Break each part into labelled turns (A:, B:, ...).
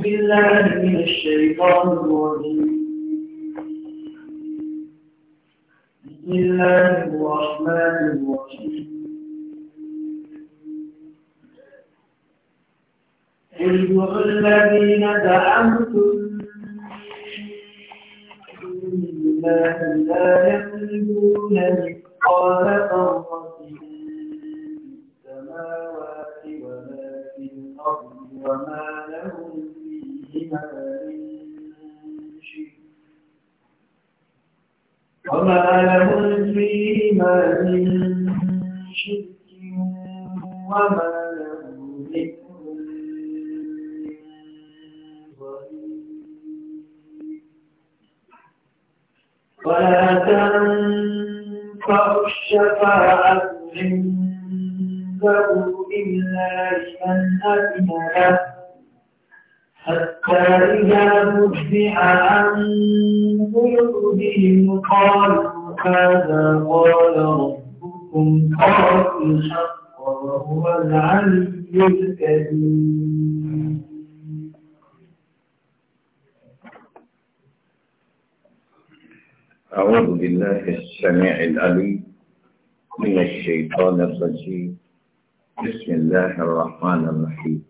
A: بسم الله الرحمن الرحيم
B: قل الذين زعمتم من الله
A: لا يملكون مثقال ذره في السماوات ولا في الارض وما وما لهم فيهما من شرك وما له منه ولا تنفع الشفاعة عنده
B: إلا لمن أذن له حتى إذا مجدع عن قلوبهم قالوا هذا قال ربكم قالوا الحق وهو العلي الكريم أعوذ بالله السميع العليم من الشيطان الرجيم بسم الله الرحمن الرحيم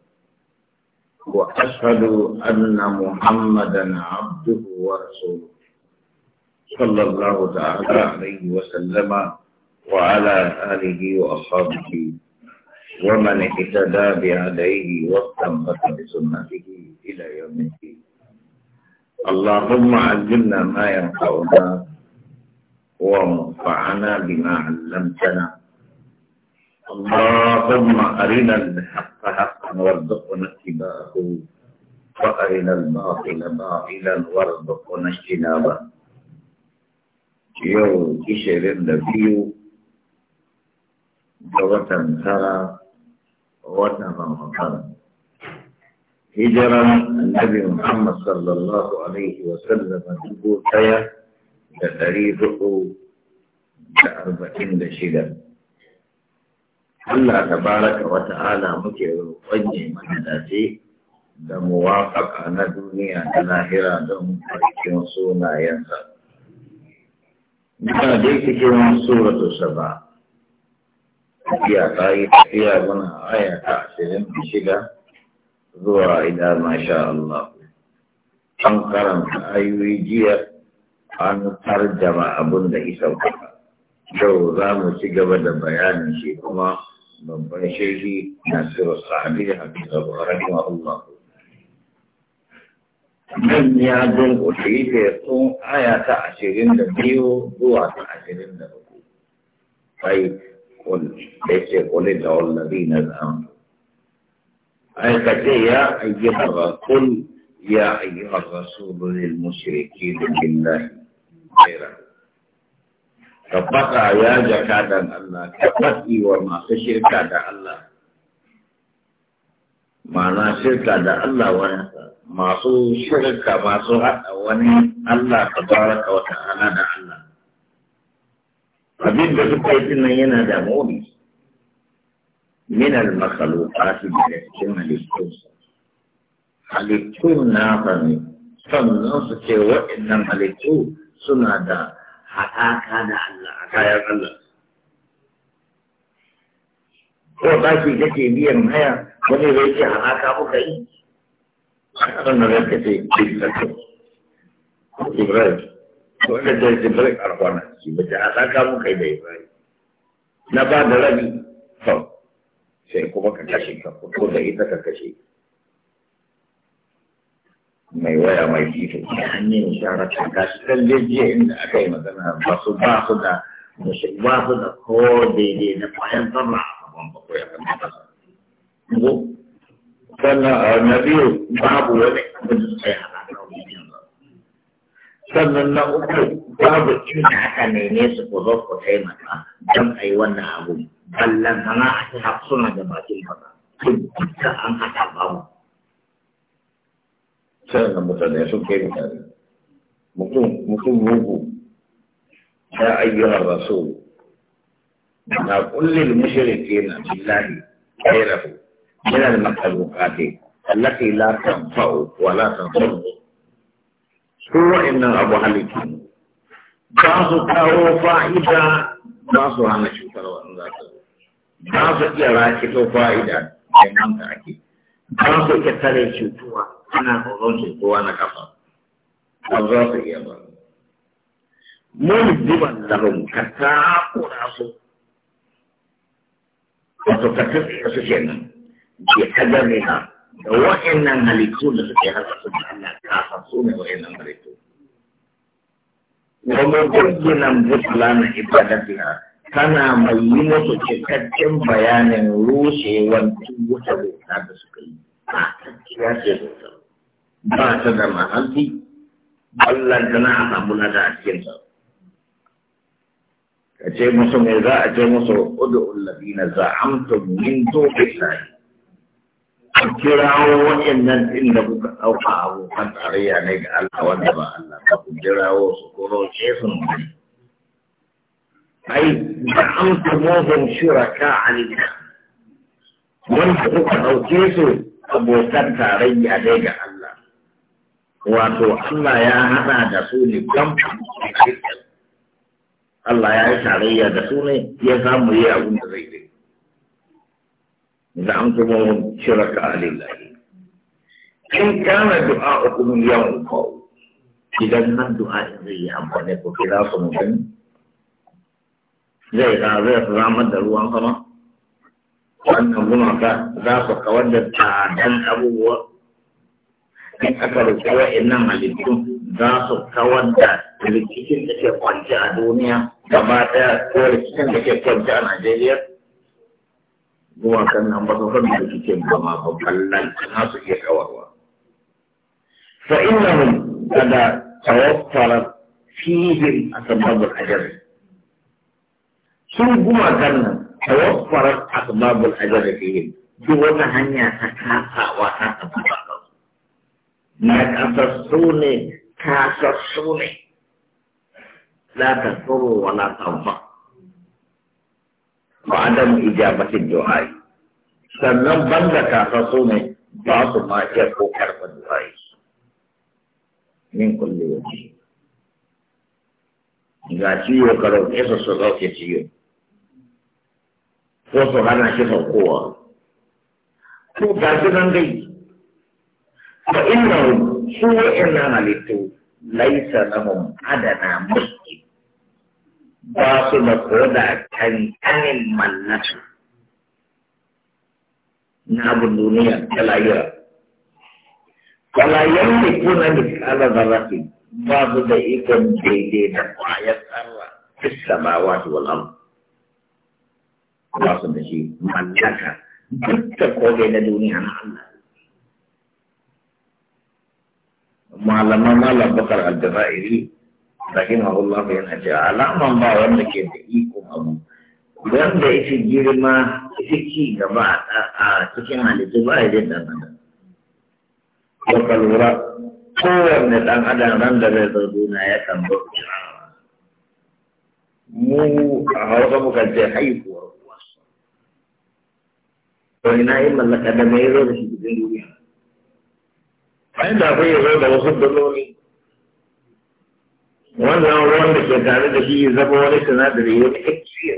B: وأشهد أن محمدا عبده ورسوله صلى الله تعالى عليه وسلم وعلى آله وأصحابه ومن اهتدى بهديه واستنبط بسنته إلى يوم الدين اللهم علمنا ما ينفعنا وانفعنا بما علمتنا اللهم أرنا الحق حقا وارزقنا اتباعه وأرنا الباطل باطلا وارزقنا اجتنابه يوم كشر النبي وطن ترى وطن رمضان هجرا النبي محمد صلى الله عليه وسلم تبوتيا لتريده لأربعين شدة
A: Allah ta baraka wata ala
B: muke roƙon ya mana dace da muwafaƙa na duniya da lahira don farkin sunayensa. Muna dai cikin suratu saba. Tafiya ta yi tafiya muna aya ta ashirin da shida zuwa ida masha Allah. An karanta ayoyi jiya an tarjama abin da isa kuka. yau za mu ci gaba da bayanin shi kuma babban shirki na sirar sahabi da hafi da ƙwararri wa Allah. Nan ya don kuɗi da sun aya ta ashirin da biyu zuwa ta ashirin da uku. Sai kun da ce kuli da wallabi na zan. Ai ka ce ya ayyuka rakul ya ayyuka rasulun mushriki da billahi. Khairan. tabbata faɗa ya dan Allah tabbati wa masu shirka da Allah mana shirka da Allah wani masu shirka masu haɗa wani Allah ka baraka wa ta'ala da Allah abin da suka yi nan yana da mori min al-makhluqat da cikin halittun halittu na fami sannan su ce waɗannan halittu suna da haɗaka da Allah a kayan Allah. Ko ɗaki kake biyan haya wani zai ce haɗaka kuka yi? Sha'arar na zai kace Ibrahim. Ibrahim. Wanda ta yi Ibrahim Arfana, shi ba ta haɗaka muka yi da Ibrahim. Na ba da rabi, to, sai kuma ka kashe ka ko da ita ka kashe. mai waya mai fifi an yi shara ta gashi lalle jiya inda aka yi magana ba su ba su da ba su ba su da ko daidai na kwayan zarra a ba bakwai a kan matasa. Sannan na biyu babu wani abin da
A: suka yi halaka wajen yanzu.
B: Sannan na uku babu haka ne ne su ko zo ko sai ma dan ai wannan abu. Ballan sana a ta hafsuna da bakin fata. Duk ka an haka babu. sannan mutane sun kai mutane mutum mugu ya ayyuhar rasul na kullum mushrike na billahi kairahu من المخلوقات التي لا تنفع ولا تنصر هو إن أبو هلك بعض كاو فائدة بعض أنا شو ترى أنا بعض جراحة فائدة من أنت أكيد بعض كتير شو ana tsoron shi kowa kafa ba za su iya ba mulziman lahum ka takura su wato ka tafiya su kenan bi da wa'annan halittu da suke haka su da Allah kafa su ne wa'annan halittu wa mubayyinan butlana ibadatiha kana mai yi musu cikakken bayanin rushewar duk wata bauta da suka yi a ya ce bautar ba ta da mahalli ballan tana a samu na da a cikin sa ka ce musu mai za a ce musu udu'ul ladina za'amtum min dunillahi a kirawo waɗannan ɗin da kuka ɗauka abokan tarayya ne ga Allah wanda ba Allah ba ku kirawo su ko roƙe su ne ai za'amtum muhum shuraka alika wanda kuka ɗauke su abokan tarayya ne ga Allah wato Allah ya hada da su ne kamfan Allah ya yi tarayya da su ne ya samu yi abin da zai zai. Da an kuma shiraka alillahi. In kana du'a uku mun yawon kawo, idan nan du'a in zai yi amfani ko kira su mutum, zai ka zai ramar da ruwan sama, wannan gumaka za su kawar da tsadan abubuwa in aka rike wa'annan halittu za su kawar da rikicin da ke kwanci a duniya gaba daya ko rikicin da ke kwanci a Najeriya zuwa kan nan ba su san da rikicin ba ma ba ballan na su iya kawarwa. Fa innahum kada tawaffara fihim asbabul ajr. Sun guma kan nan tawaffarat asbabul ajr fihim. Duk wata hanya ta kasawa ta tabbata na kasassu ne kasassu ne la tasuru wa la tanfa ba adam ijabatin du'ai sannan banda kasassu ne ba su ma iya ko karɓar du'ai min kulle waje ga ciwo ka roƙe su su roƙe ciwo ko su hana shi saukowa ko ga shi nan dai fa innahum su na halittu laisa lahum adana mulki ba su da koda kanin mallatu na bu duniya ta lahira wala yamlikuna da dharratin ba su da ikon daidai da kwayar tsarwa fi samawati wal ard ba su da shi mallaka duk da kome na duniya na Allah malaman malam bakar al-jazairi rahimahullah yana ce alaman ba wanda ke da iko abu wanda isi girma ciki gaba a cikin halittu ba ya jin dan adam ko ka lura kowanne dan adam ran da zai zo duniya ya kan
A: mu a hausa
B: muka ce haihuwar kuwa to ina yi mallaka da mai zo da shi cikin duniya ai da akwai zo da wasu daloli wannan ruwan da ke tare da shi zama wani sinadari wani kacciya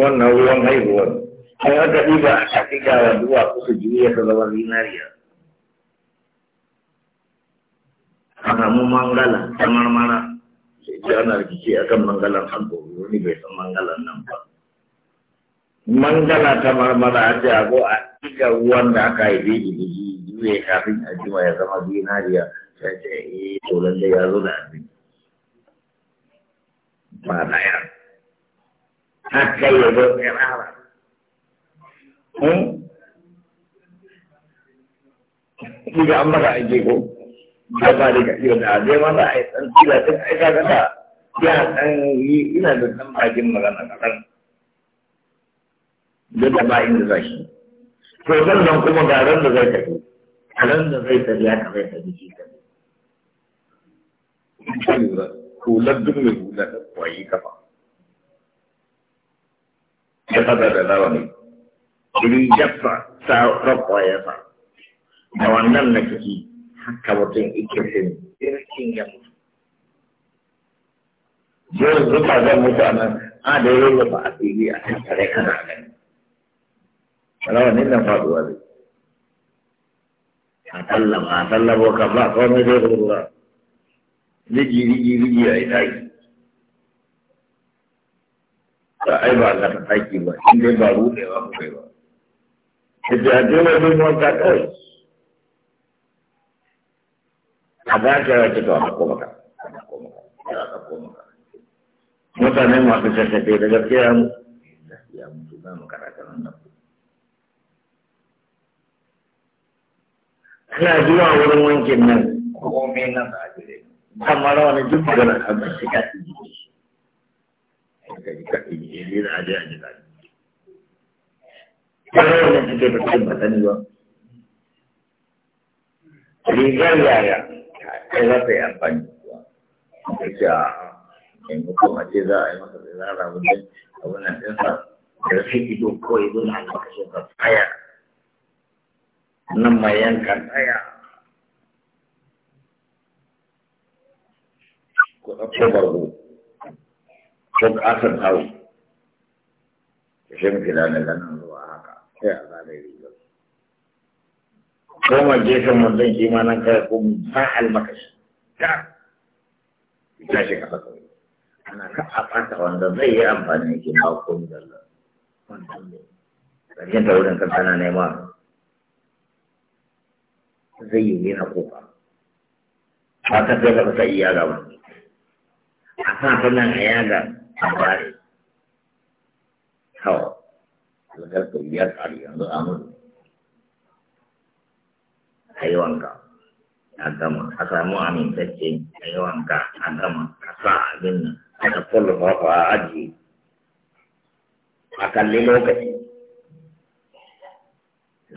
B: wannan ruwan haihuwar
A: ai aka ɗiba a shafi gawa duwa
B: kusa juriya ta zama zinariya a samu mangala ta marmara sai ce ana rikici akan mangalan hannu wani bai san mangalan nan ba mangala ta marmara a ce a go a ɗiga ruwan da aka yi haife jiki juye kafin a jima ya zama zinariya sai ce eh to lalle ya zo da abin ba na ya haka ya zo tsirara hmm? Iga an maka aiki ko, ba ba da gaɗi wanda da zai mana a yi ɗan tsila ta aika gada ya san yi ina da san bakin magana kaɗan. Duk da ba inda zaki. shi. zan nan kuma ga da zai tafi. a da zai tafi haka zai tafi shi hular duk da kwayi kafa ya fada da lawani da wannan na kiki, haka mutum irkin ya mutu yau zuba zan mutu a nan a da yi ba a fili a cikin kare kana nan ne nan faduwa zai a sallama a sallama kan ba komai zai ruwa rigi rigi rigi yi. itaki ba ai ba za ta taki ba in dai ba ruɗewa ku kai ba da a dole ne wata kawai a za ka yi ta a koma ka
A: mutane masu
B: sassafe da gaskiya mu gaskiya mu su ba mu nan Ana zuwa wurin wankin nan komai na zaɓe. Amma rawa duk magana a bai shiga ciki. Ka ji kaɗi ne, da aje a ji zaɓe. Ka rawa da kai ba ba.
A: Rigar yaya,
B: kai za ta yi amfani. Ka ce a yanzu kuma ce za a yi masa da zara wajen abunan ɗinsa. Da ido ko zo na albarkacin ka tsaya. nan mai yanka tsaya ko ɗauko bargo ko ƙasar hau da shi muke da wani ganin zuwa haka sai a zaga rigar koma gefen manzon shi kai ko ba almakashi ta ita shi kasa kawai ana ka a fata wanda zai yi amfani da ke ba komi da Allah. Wannan ne. Ƙarshen ta wurin kan tana nema zai yi ne na kofa ba ta ta iya gaba a sa ta a yaga a bare tsari yanzu a mun a yi wanka a gama a samu amintacce a yi wanka a gama a sa abin nan a da kwallo a ajiye a kalli lokaci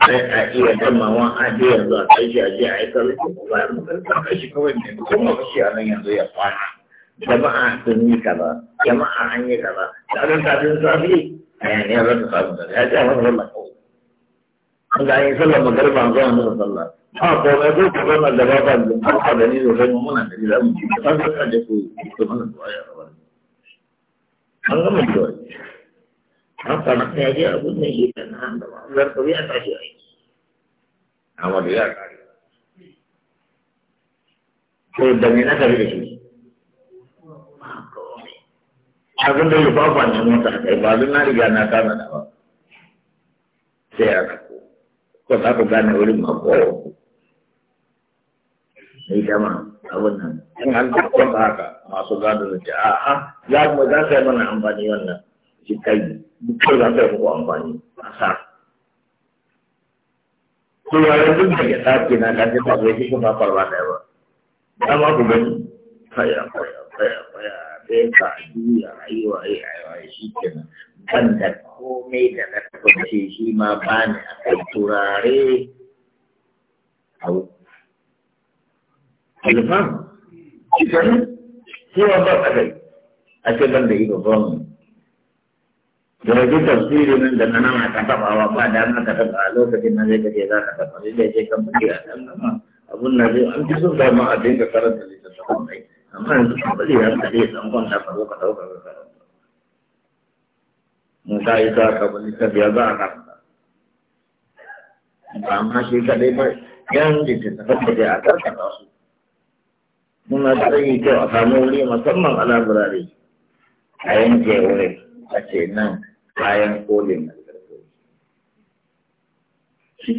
B: sai a iya damawa a je yanzu a kai a je a yi kai shi kawai ne kuma shi a yanzu ya kwana jama'a sun yi kaza jama'a an yi kaza tsarin tafin safi a yanzu za ta samu da ya ce a wani wannan kawai an ga sallar magarba an zuwa nuna sallar a komai ko ka zama da ba ba da ba da ni sosai mu muna da ni za mu ci ka san ku ku mana da waya an gama da Hankalin ya je abin da shi kan nan da ma'amular kawai ya tashi aiki. Amadu ya kare. Sai da me na da shi. Abin ya fafa ne mota kai ba zan na riga na ya Ko za ku gane wurin ma ko. Ni dama abin nan. In an kwanta haka masu gado da za mu za mana amfani wannan. Shi ko za ta yi amfani a sa ko ya yi duk da ya sa ke na kaji ba zai fi kuma farwa da yawa da ma ku gani faya faya faya faya ka rayuwa yi shi ban da komai da na tabbace shi ma ba ni a kai turare hau alfam shi kenan shi ma ba a kai a ce ban da yi ba ba mu Jadi tafsir dengan a nama kata bahwa pada nama kata kalau ketika dia kerja kata pada dia dia kembali ada nama abu nabi anti sudah ma ada yang kata dari sesuatu lain. Nama itu kembali ada dari sangkon tak perlu kata kata kata. Muka itu akan bisa biasa akan. Sama sih kata yang ditetapkan sebagai akal kata rasul. Mengatai itu akan mulai masalah ala berari.
A: Ayat jauh
B: a ce nan bayan kolin algargawi shi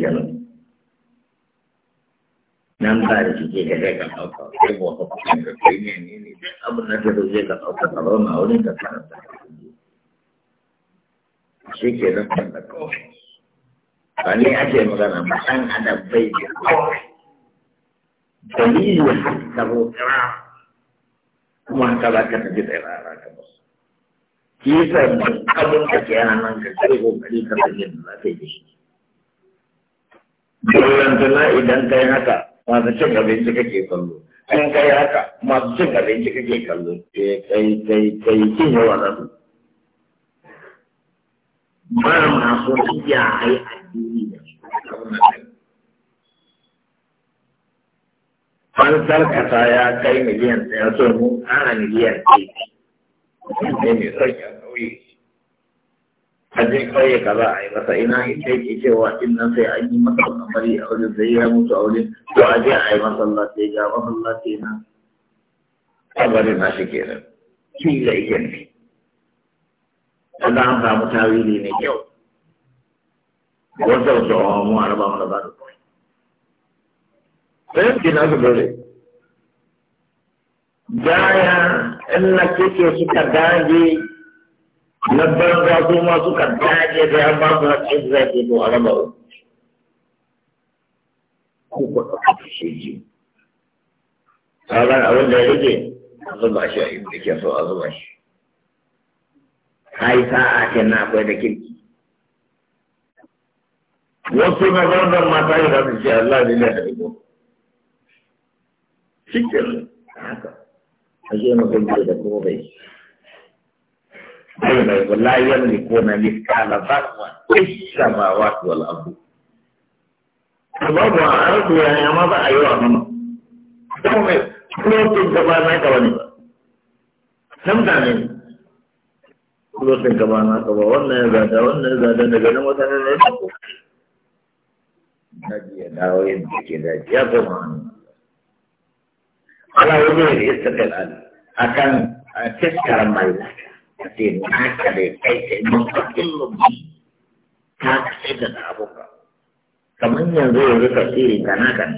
B: nan ba da shi ke da zai ɗauka sai ba ka kusan ka ne ne ne duk abin da ka zai kan ɗauka ka zauna a wurin karanta shi ke nan kan da kawai ba ne ake magana ba ɗan bai da kawai dalilin har ka zo tsira kuma ka za ka tafi tsira a ranka ba shi yasa duk abin da ke hannun ka kai kokari ka sanya da za ka yi da shi ballantana idan kai haka masu cin abinci kake kallo in kai haka masu cin abinci kake kallo eh, kai kai kai cin yawa na su ba masu iya ai addini da su an sarkata ya kai miliyan ɗaya so mun ƙara miliyan ɗaya ne mai sarki ƙauye a kaza za a yi masa ina ita yake cewa in nan sai an yi masa kamari a wajen sai ya mutu a wajen to a je a yi masallaci ga masallaci na kabarin na shi kenan shi da yake ne wanda an samu tawili mai kyau wata wata wa mu a raba mana ba da kawai sai yanki na su dole gaya in na kike suka dage na banza su ma suka dage da ya ba su haƙƙin za ke to a raba ku ku ɗauka shi ji sauran abin da ya rike zuba shi a inda ke so a zuba shi Kai sa'a ke na akwai da kirki wasu na zanzan mata yi zasu ce Allah ne da riko shi ke haka a zo na gudu da kuma bai أين ولا يملكون مثقال ذرة في السماوات والأرض a arzu ya yi ma ba a yi wa sama. Kuma mai na ka wani na ka wannan ya wannan ya daga nan wata Daji ya dawo yin daji ya hannu. Ala mai lafiya. kace na da kai kai mun ka kullum ka da kamar yanzu yanzu ka tsiri kana kan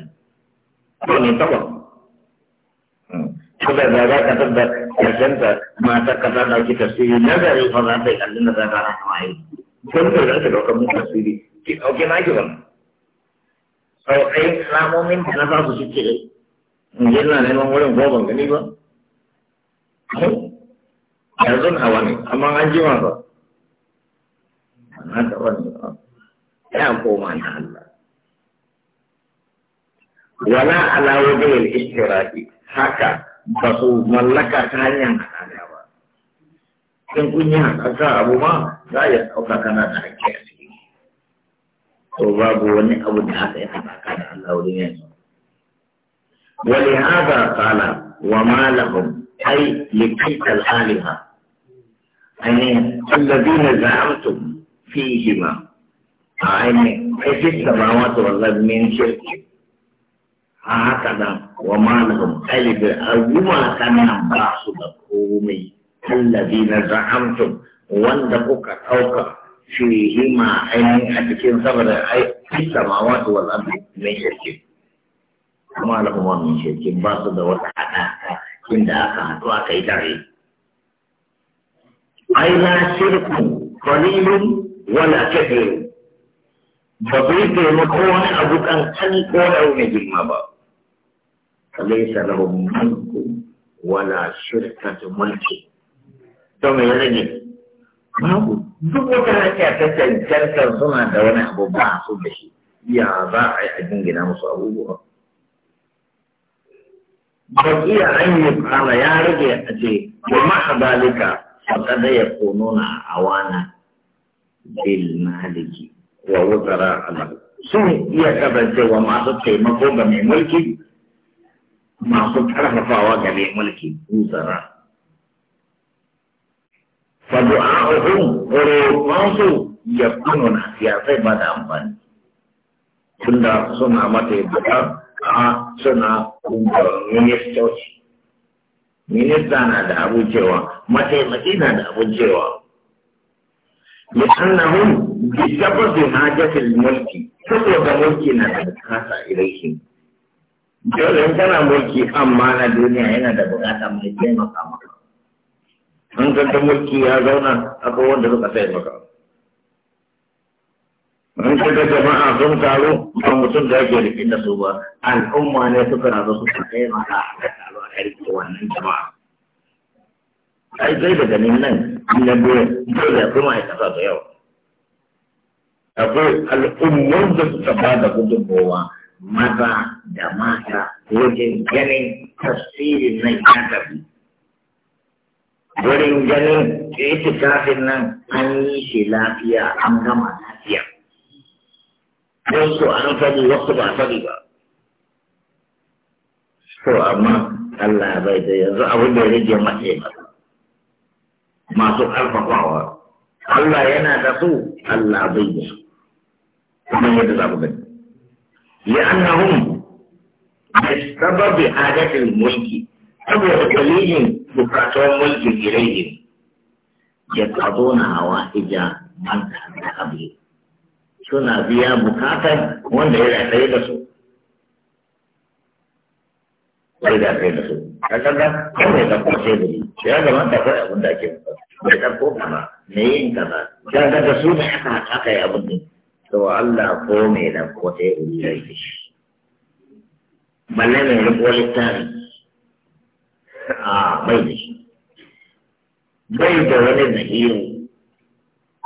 B: ko ne tabbas hmm. ko da za ka da karshen ta mata nazari fa za ta yi kallon da za ta rana waye don da za ta dauka mun ki dauke na ki ban sau ɗayan alamomin da na za su in je na neman wurin ko ban gani ba hmm. yanzu hawa ne amma an ji ba na da wani ya koma na Allah wala ala wajen istirahi haka ba su mallaka ta hanyar hada ba in kun yi haka abu ma za a yi sauka kana da hakki a ciki to babu wani abu da aka yi haɗaka da Allah wurin yanzu Wani ولهذا قال wa لهم أي لتلك الآلهة ainihin allazina za'amtum fihima a ainihin aikin samawati wallahi min shirki a haka nan wa malahum alibir arguma kanan ba su da komai allazina za'amtum wanda kuka ɗauka fihima ainihin a cikin saboda aikin samawati wallahi min shirki kuma lahum min shirki ba su da wasu haɗa aka haɗu aka yi tare ai shirku qalilun wala kathir ba zai taimako wani abu kan kan ko na girma ba alaysa lahum mulku wala shirkatu mulki to me rage babu duk wata rakiya ta cancantar suna da wani abu ba su da shi ya za a yi a jingina musu abubuwa ba iya an yi ya rage a ce wa ma'a A ya kununa فقد يكونون عوانا للمالك ووزراء له sun iya wa masu taimako ga mai mulki masu karfafawa ga mai mulki wuzara fadu'a'uhum roƙonsu ya kununa ya sai ba da amfani tunda suna mata yadda a suna kungar ministoci minista na da abun cewa mataimaki na da abun cewa bi بسبب حاجة الملك saboda mulki na da bukata ilaihi dole in kana mulki amma na duniya yana da bukata mai taimaka maka an kanta mulki ya zauna akwai wanda suka taimaka maka
A: in kaga jama'a sun taru a mutum da
B: yake rike da su ba al'umma ne suka na su ka kai ma a ka taru a rike wannan jama'a ai zai da ganin nan na dole dole akwai ma'aikata da yawa akwai al'ummar da suka ba da gudunmowa maza da mata wajen ganin tasirin nan ya tafi wurin ganin itikafin nan an yi shi lafiya an gama lafiya wasu an faɗi wasu ba faɗi ba to amma Allah ya bai da yanzu abin da ya rage mace masu ƙarfafawa Allah yana da su Allah bai da kuma yadda za mu gani li'annahum sababi hadatil mulki saboda dalilin bukatuwar mulkin ilayhim yaqaduna hawa ija man ta'ala abih suna biya bukatar wanda ya rataye da su bai da kai da su a kaga kan mai ɗauko teburi shi ya gama ta kawai abin da ake bukata mai ɗauko kaza mai yin kaza ya ga da su ne aka haɗa aka yi abin ne to Allah ko mai ɗauko teburi ya yi shi balle mai riko littafi a bai da shi bai da wani zahiru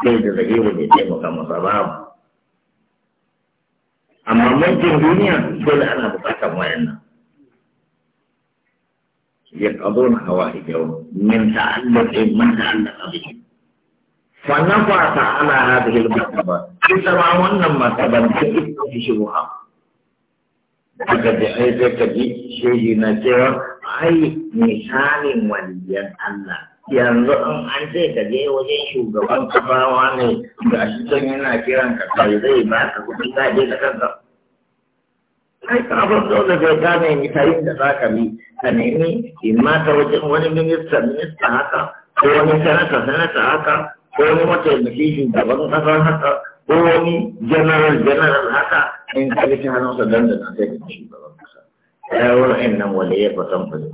B: bai da zahiru da taimaka masa babu amma mulkin duniya dole ana bukatar wayan nan ya kazo na hawa hijau min ta'allaqi man ta'allaqa bihi fa nafasa ala hadhihi al-bukhara kita ma wannan ma ta ban ta ita shi ruha daga da ai zaka ji shi na cewa ai misalin waliyan Allah yanzu in an ce ka je wajen shugaban kafawa ne ga shi don yana kiran ka kai zai ba ka kuɗi ka je ka kanka Kai ka abin dole bai gane ni ta yin da za ka bi ka nemi in ma ta wajen wani minista minista haka ko wani sanata sanata haka ko wani mataimaki shugaban kasa haka ko wani general general haka in ka bi ta hannunsa na sai ka shugaban kasa ya yi wani nan wani ya fasan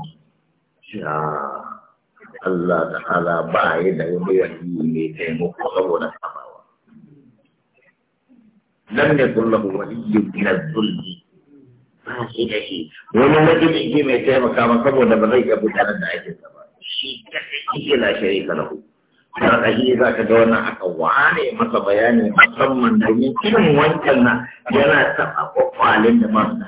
B: Shaa. Allah ta'ala ba yi da wani wani mai taimako saboda samawa. Nan ne kulla ku wani yi na zulmi ba shi da shi wani wajen da ke mai taimaka ma saboda ba zai iya gudanar da ake zama ba. Shi ta ke la sharika lahu. Daga shi za ka ga wannan aka ware masa bayani musamman domin irin wancan na yana taɓa kwakwalin da masu da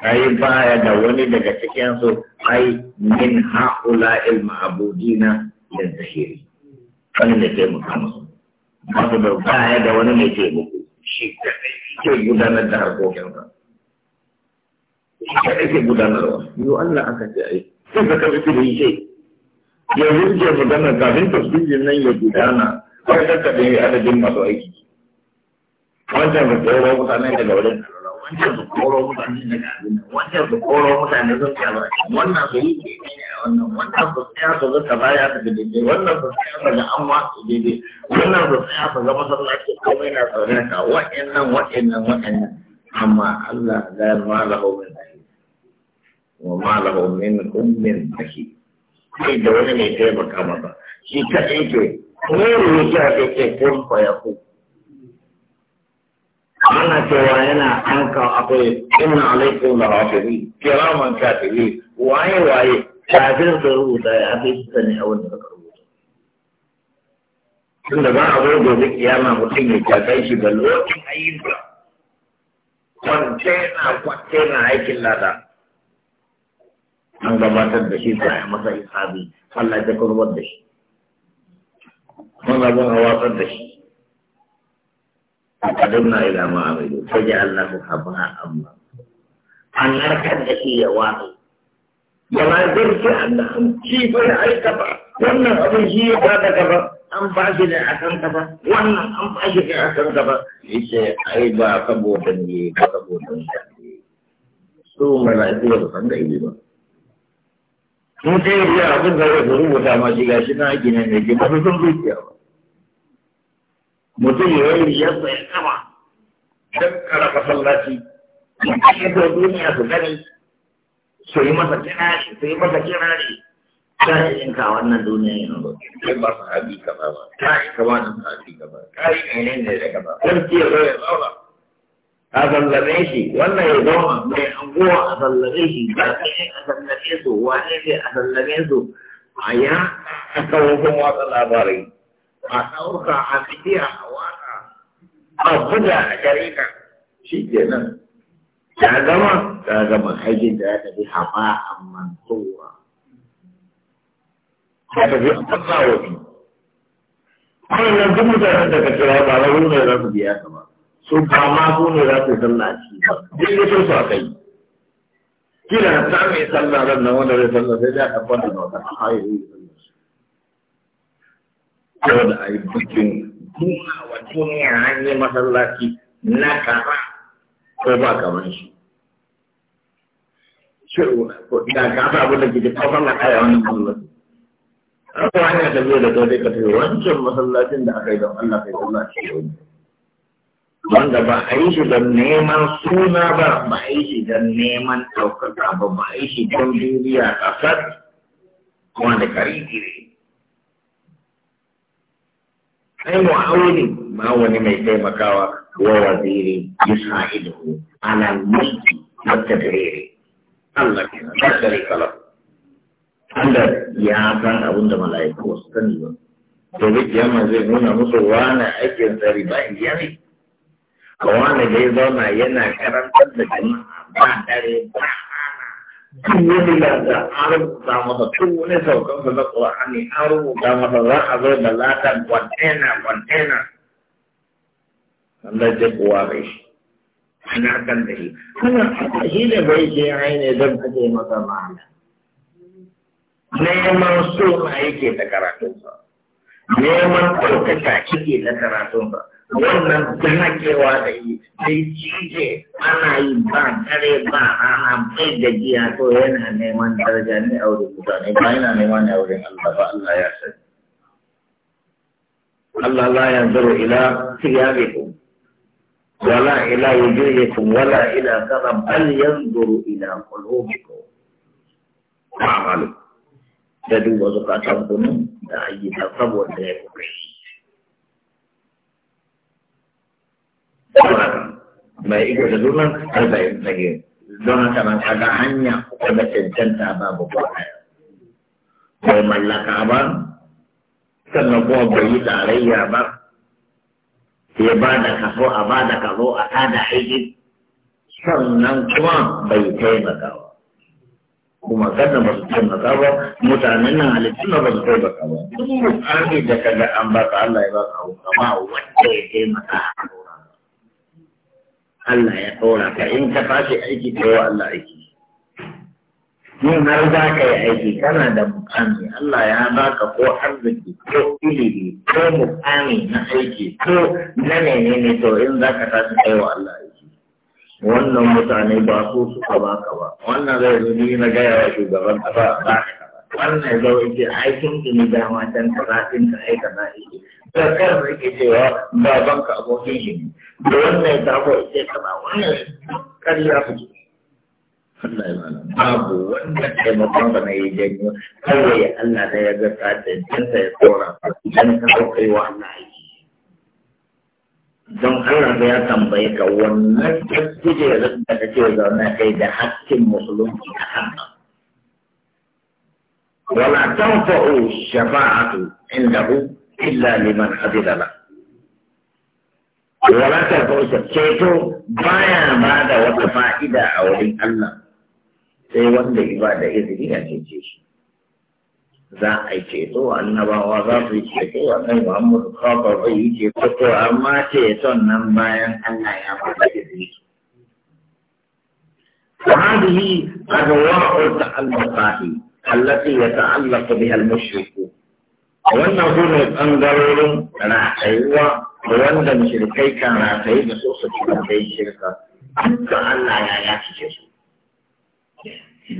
B: ai baya da wani daga cikin su ai min haula al ma'budina da zahiri wani da ke muka musu masu da baya da wani mai ke muku shi ke gudanar da harkokin ka shi ka ake gudanarwa yau Allah aka ce ai sai ka kafa su da yi shai yanzu ke magana kafin tasbihin nan ya gudana kai ka kaɗe adadin masu aiki
A: wancan da tsoron mutanen daga wajen
B: su koro mutane wannan su yi wannan su tsaya da masallaci ka amma Allah malahu min wa malahu min ummin da wani mai taimaka masa shi kaɗai ke yi. ne ya ce kun fa ya ku. ana cewa yana an kawo akwai inna alaikum da hafizi kiraman kafiri waye waye kafin da rubuta ya fi su sani a wani suka rubuta tun da ba a zo gobe kiyama mutum ya kyakai shi ga lokacin ayyuka kwance na kwance na aikin lada an gabatar da shi sai masa isabi Allah ya kurbar da shi mun zan a watsar da shi فقدمنا إلى ما عملوا فجعلناه da أمرا أن نركب لكي يواقي وما زلت أنهم كيف يعيقب ya أبنجي بعد كبر an ba shi ne a kan kafa wannan an ba shi ne a kan kafa yace ai ba saboda ne ba saboda ne su mala'iku ba san da ibi ba mun ya abin da ya rubuta ma shi na gine ne ke ba san zuciya ba mutum ya yi ya tsaye kama don kara masallaci mutum ya zo duniya su gani su yi masa kirari su yi masa kirari ta yi in ka wannan duniya yin ba sai ba su haɗi gaba ba ta yi kama da su haɗi gaba ta yi ainihin ne da gaba sarki ya zo ya zauna
A: a sallame shi wannan ya zauna mai anguwa
B: a sallame shi ba sai a sallame su wane ne a sallame su a ya a kawo kuma watsa labarai a ɗauka a bidiya a waka a buga a jarida shi kenan ta gama ta gama aikin da ya tafi haɓa a mantowa ya tafi a fasa wafi wannan duk mutanen da ka kira ba na ne za su biya ka ba su ba ma su ne za su yi sallah a ciki ba duk da su a kai
A: kila ta mai
B: sallah ran nan wanda zai sallah sai da ka kwanta da wata hayo saboda a yi bikin kuma wa duniya an yi masallaci na kara ko ba kamar shi da ka fa abin da ke da kawar na kaya wani masallaci
A: an ko hanya ta biyu da kawai ka tafi wancan
B: masallacin da aka yi don Allah kai sallah shi yau wanda ba a yi shi don neman suna ba ba a yi shi don neman ɗaukaka ba ba a yi shi don duniya ƙasar wanda kari kire
A: ai mu'awini ma wani mai
B: taimakawa wa waziri yusa'iduhu ala mulki wa tadriri Allah ke da sharika lahu Allah ya san abin da mala'iku su sani ba to duk yamma zai nuna musu wani aikin tsari ba iya ne
A: a wani da ya zauna yana karantar
B: da jama'a ba dare ba duk wani da an rubuta masa duk wani saukansa na ƙura'ani an rubuta masa za a zo da ladan kwantena kwantena Allah ya kuwa bai shi ana kan da shi a shi da bai ce yi ne don ake masa ma'ana
A: neman so ma
B: yake da karatunsa neman ɗaukaka kike da karatunsa wannan dakewa da yi sai cije ana yi ba tare ba ana bai da giya to yana neman daraja ne a wurin mutane ba yana neman ne a wurin Allah ba Allah ya sani
A: Allah la zaro ila
B: siyabikum
A: wala ila wujuhikum wala ila kaza bal
B: yanzuru ila qulubikum a'malu da duba zakatan kunu da ayyuka saboda ya kuka yi mai iko da dunan har da yin tsage don haka nan kaga hanya ko da cancanta babu ko bai mallaka ba sannan kuma bai yi tarayya ba ya ba da kaso a ba da kaso a tada aiki sannan kuma bai taimaka ba kuma sannan ba su taimaka ba mutanen nan halittun ba su taimaka ba duk tsari da kaga an baka Allah ya ba baka amma wanda ya taimaka a Allah ya tsora ka in ka tashi aiki ka wa Allah aiki yin har za ka yi aiki kana da mukami Allah ya baka ko arziki ko ilimi ko mukami na aiki ko na menene to in za ka tashi kai wa Allah aiki wannan mutane ba su suka baka ba wannan zai zo ni na gaya wa shugaban kasa ba wannan zai zo ce aikin ki ni dama can kaza in ka aika na aiki da kan rike cewa baban ka abokin shi ne da wannan ya samu ita ka ba wannan kariya ku Allah ya mana babu wanda taimakon da na yi janyo kawai Allah da ya ga ka da jinsa ya tsora idan ka kai wa Allah aiki don Allah da ya tambaye ka wannan kujerar da kake zaune kai da hakkin musulunci a hannun ولا تنفع الشفاعة عنده إلا لمن أذن له
A: ولا تفوز سيتو بايا بعد وتفائد أولين
B: الله sai wanda ibada izini ya cece shi za a yi ceto annabawa za su yi ceto a kai muhammadu kafa zai yi ceto to amma ceton nan bayan allah ya faɗa izini وهذه أنواع التعلقات التي يتعلق بها المشركون
A: wannan su ne ɓangarorin
B: ratayuwa da wanda shirkai kan ratayi da su su cikin da yi shirka dukkan Allah ya ya cike su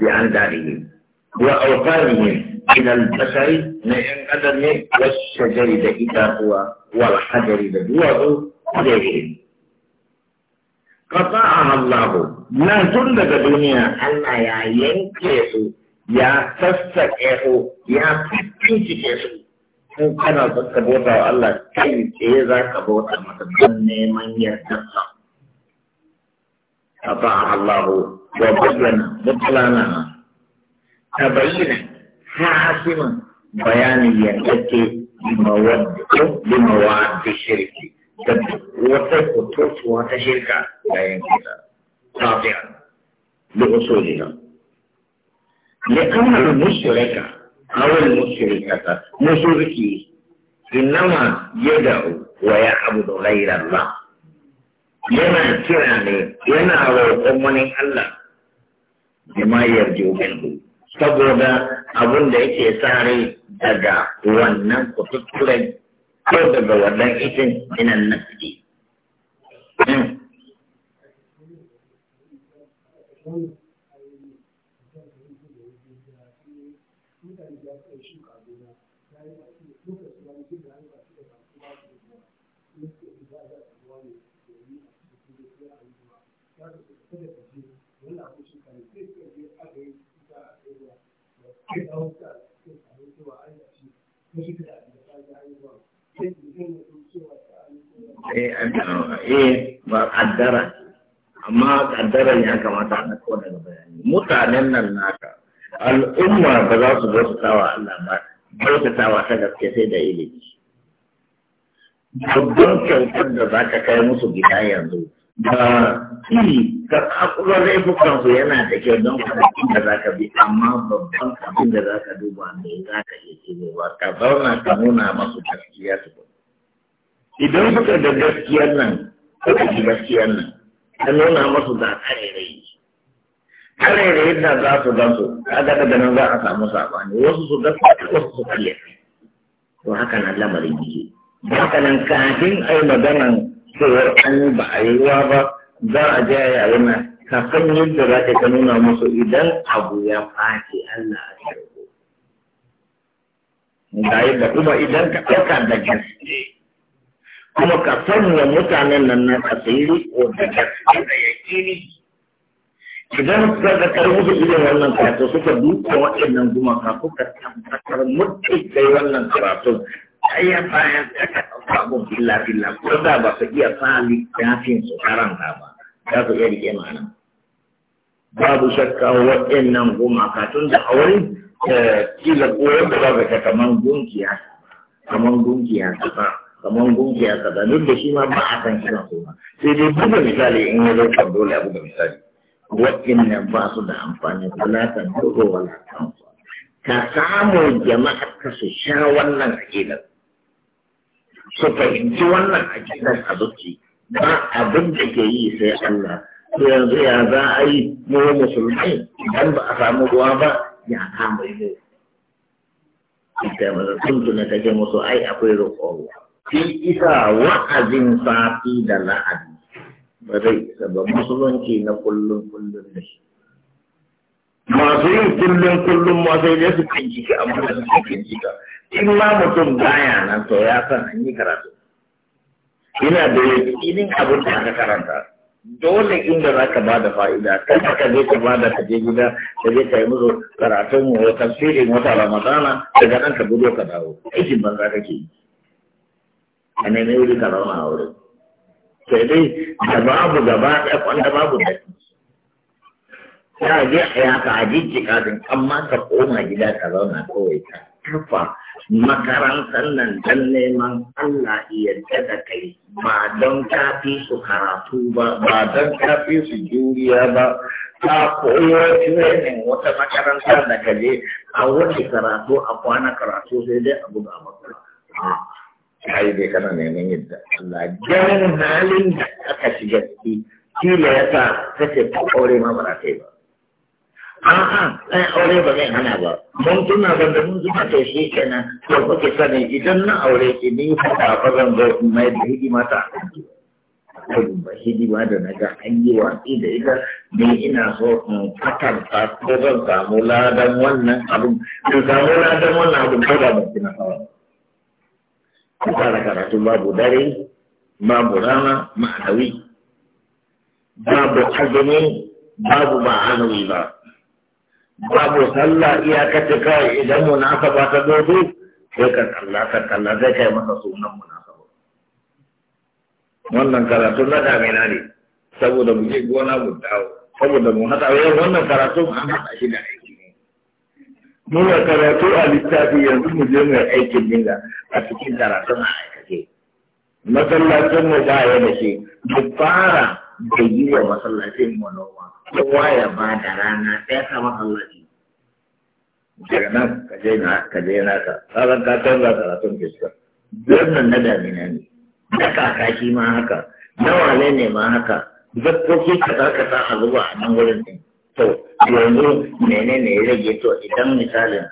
B: bi an daɗi ne wa alfari ne idan basari na ‘yan ƙadar ne wasu shajari da itatuwa wal hadari da duwatsu da yake قطعها الله لا تندك دنيا ألا يا ينكيسو يا تستكيسو يا su. in kana zaka bauta wa Allah kai tsaye za ka bauta masa don neman yardarsa. A ba Allah ho, wa bayyan mutalana na, ta bayyana ta hasimin bayanin yardarke limawadda limawa da shirki da wata kotuwa ta shirka da yankita. Tafiya, da wasu ne nan. Ya kama da mushi awon mu siri kata mu so riki inama ye da o wa ya abudu laira la ye na tira ne ye na awo o allah ye ma ye ju saboda abun da yake tare daga wannan ko tukure ko daga wannan ita ina na ji hmm. eh ba kaddara
A: amma kaddaran ya kamata a nako
B: daga bayani mutanen nan naka al'umma ba za su bauta wa Allah ba ta gaske sai da ilimi babban kyautar da za ka kai musu gida yanzu ba ci ga kakular laifukan su yana da kyau don kuma da za ka bi amma babban abin da za ka duba ne za ka iya cewa ka zauna ka nuna masu gaskiya su idan suka da gaskiyar nan suka ji gaskiyar nan ka nuna masu da karerai karerai da za su gan su kaga daga nan za a samu sabani wasu su gaskiya wasu su karya. to haka nan lamarin yake haka nan kafin ai maganan cewar an ba a yi ruwa ba za a je ya yi abin ka san yadda za ka nuna musu idan abu ya ɓaci Allah a karbo. Ga yadda kuma idan ka ɗauka da gaske, kuma ka sanya mutanen nan na asiri ko da gaske da yaƙini. Idan ka ga musu irin wannan karatu suka duka waɗannan ka kuka tabbatar mutu kai wannan karatu ɗaya bayan ka ɗauka abun fila-fila, ko da ba su iya sa littafin su karanta ba. za su iya rike ma'ana babu shakka waɗannan goma tun da aure eh, kila koyar da ba ka kamar gunkiya kamar gunkiya kaza Kamar gunkiya kaza duk da shi ma ba a san shi na goma sai dai buga misali in ya zai dole a buga misali waɗannan ba su da amfani wala ta duro wala ta ka samu jama'a ka su sha wannan aƙidar su fahimci wannan aƙidar a zuci ba abin da ke yi sai Allah to yanzu ya za a yi mu musulmai idan ba a samu ruwa ba ya kama yi ita ba sun tuna take musu ai akwai roƙon shi isa wa'azin safi da la'adi ba zai isa ba musulunci na kullum kullum da shi masu yin kullum kullum ma sai dai su jiki amma su jika in ma mutum baya nan to ya san an yi karatu Ina da yakinin abin da aka karanta dole inda za ka bada fa'ida kada ka je ka bada ka je gida ka je ka yi musu karatun wa tafsirin wata ramadana daga nan ka gudu ka dawo aikin banza kake yi a nemi wuri ka a wurin sai dai da babu gaba ɗaya kwanda babu da ya je a yaka a jijjiga din amma ka koma gida ka zauna kawai ka kafa makarantar nan don neman Allah iya da kai ba don kafi su karatu ba ba don kafi su juriya ba ta koyo training wata makaranta da kaje a wani karatu a kwana karatu sai dai abu ga maka kai dai kana neman yadda Allah ganin halin da aka shiga ciki kila yasa kace ta aure ma ba ta yi ba a'a ɗan aure ba zai hana ba mun tuna ban da mun zuba to shi kenan to kuke sani idan na aure ki ni fada fa zan zo in mai da hidima ta ba hidima da na ga an yi watsi ni ina so in kwatanta ko zan samu ladan wannan abin in samu ladan wannan abin ko da mutum na hawa ku fara karatu babu dare babu rana ma'anawi babu azumi babu ma'anawi ba babu sallah kace kawai idan munasaba ta dodo sai ka kalla ka kalla zai kai masa sunan munasaba wannan karatu na damina ne saboda mu je gona mu dawo saboda mu hada yau wannan karatu an hada shi da aiki
A: ne ya karatu a littafi yanzu mu je mu aikin
B: dinga a cikin karatun a aikace masallacin mu ba ya da shi mu fara bai yi wa masallacin mu noma kowa ya ba da rana ɗaya ta masallaci daga nan ka je na ka je na ka tsaron ka canza karatun fiska nan na damina ne na kakaki ma haka na wane ne ma haka zakkoki ka za ka sa a zuba a nan wurin ɗin to yanzu menene ya rage to idan misalin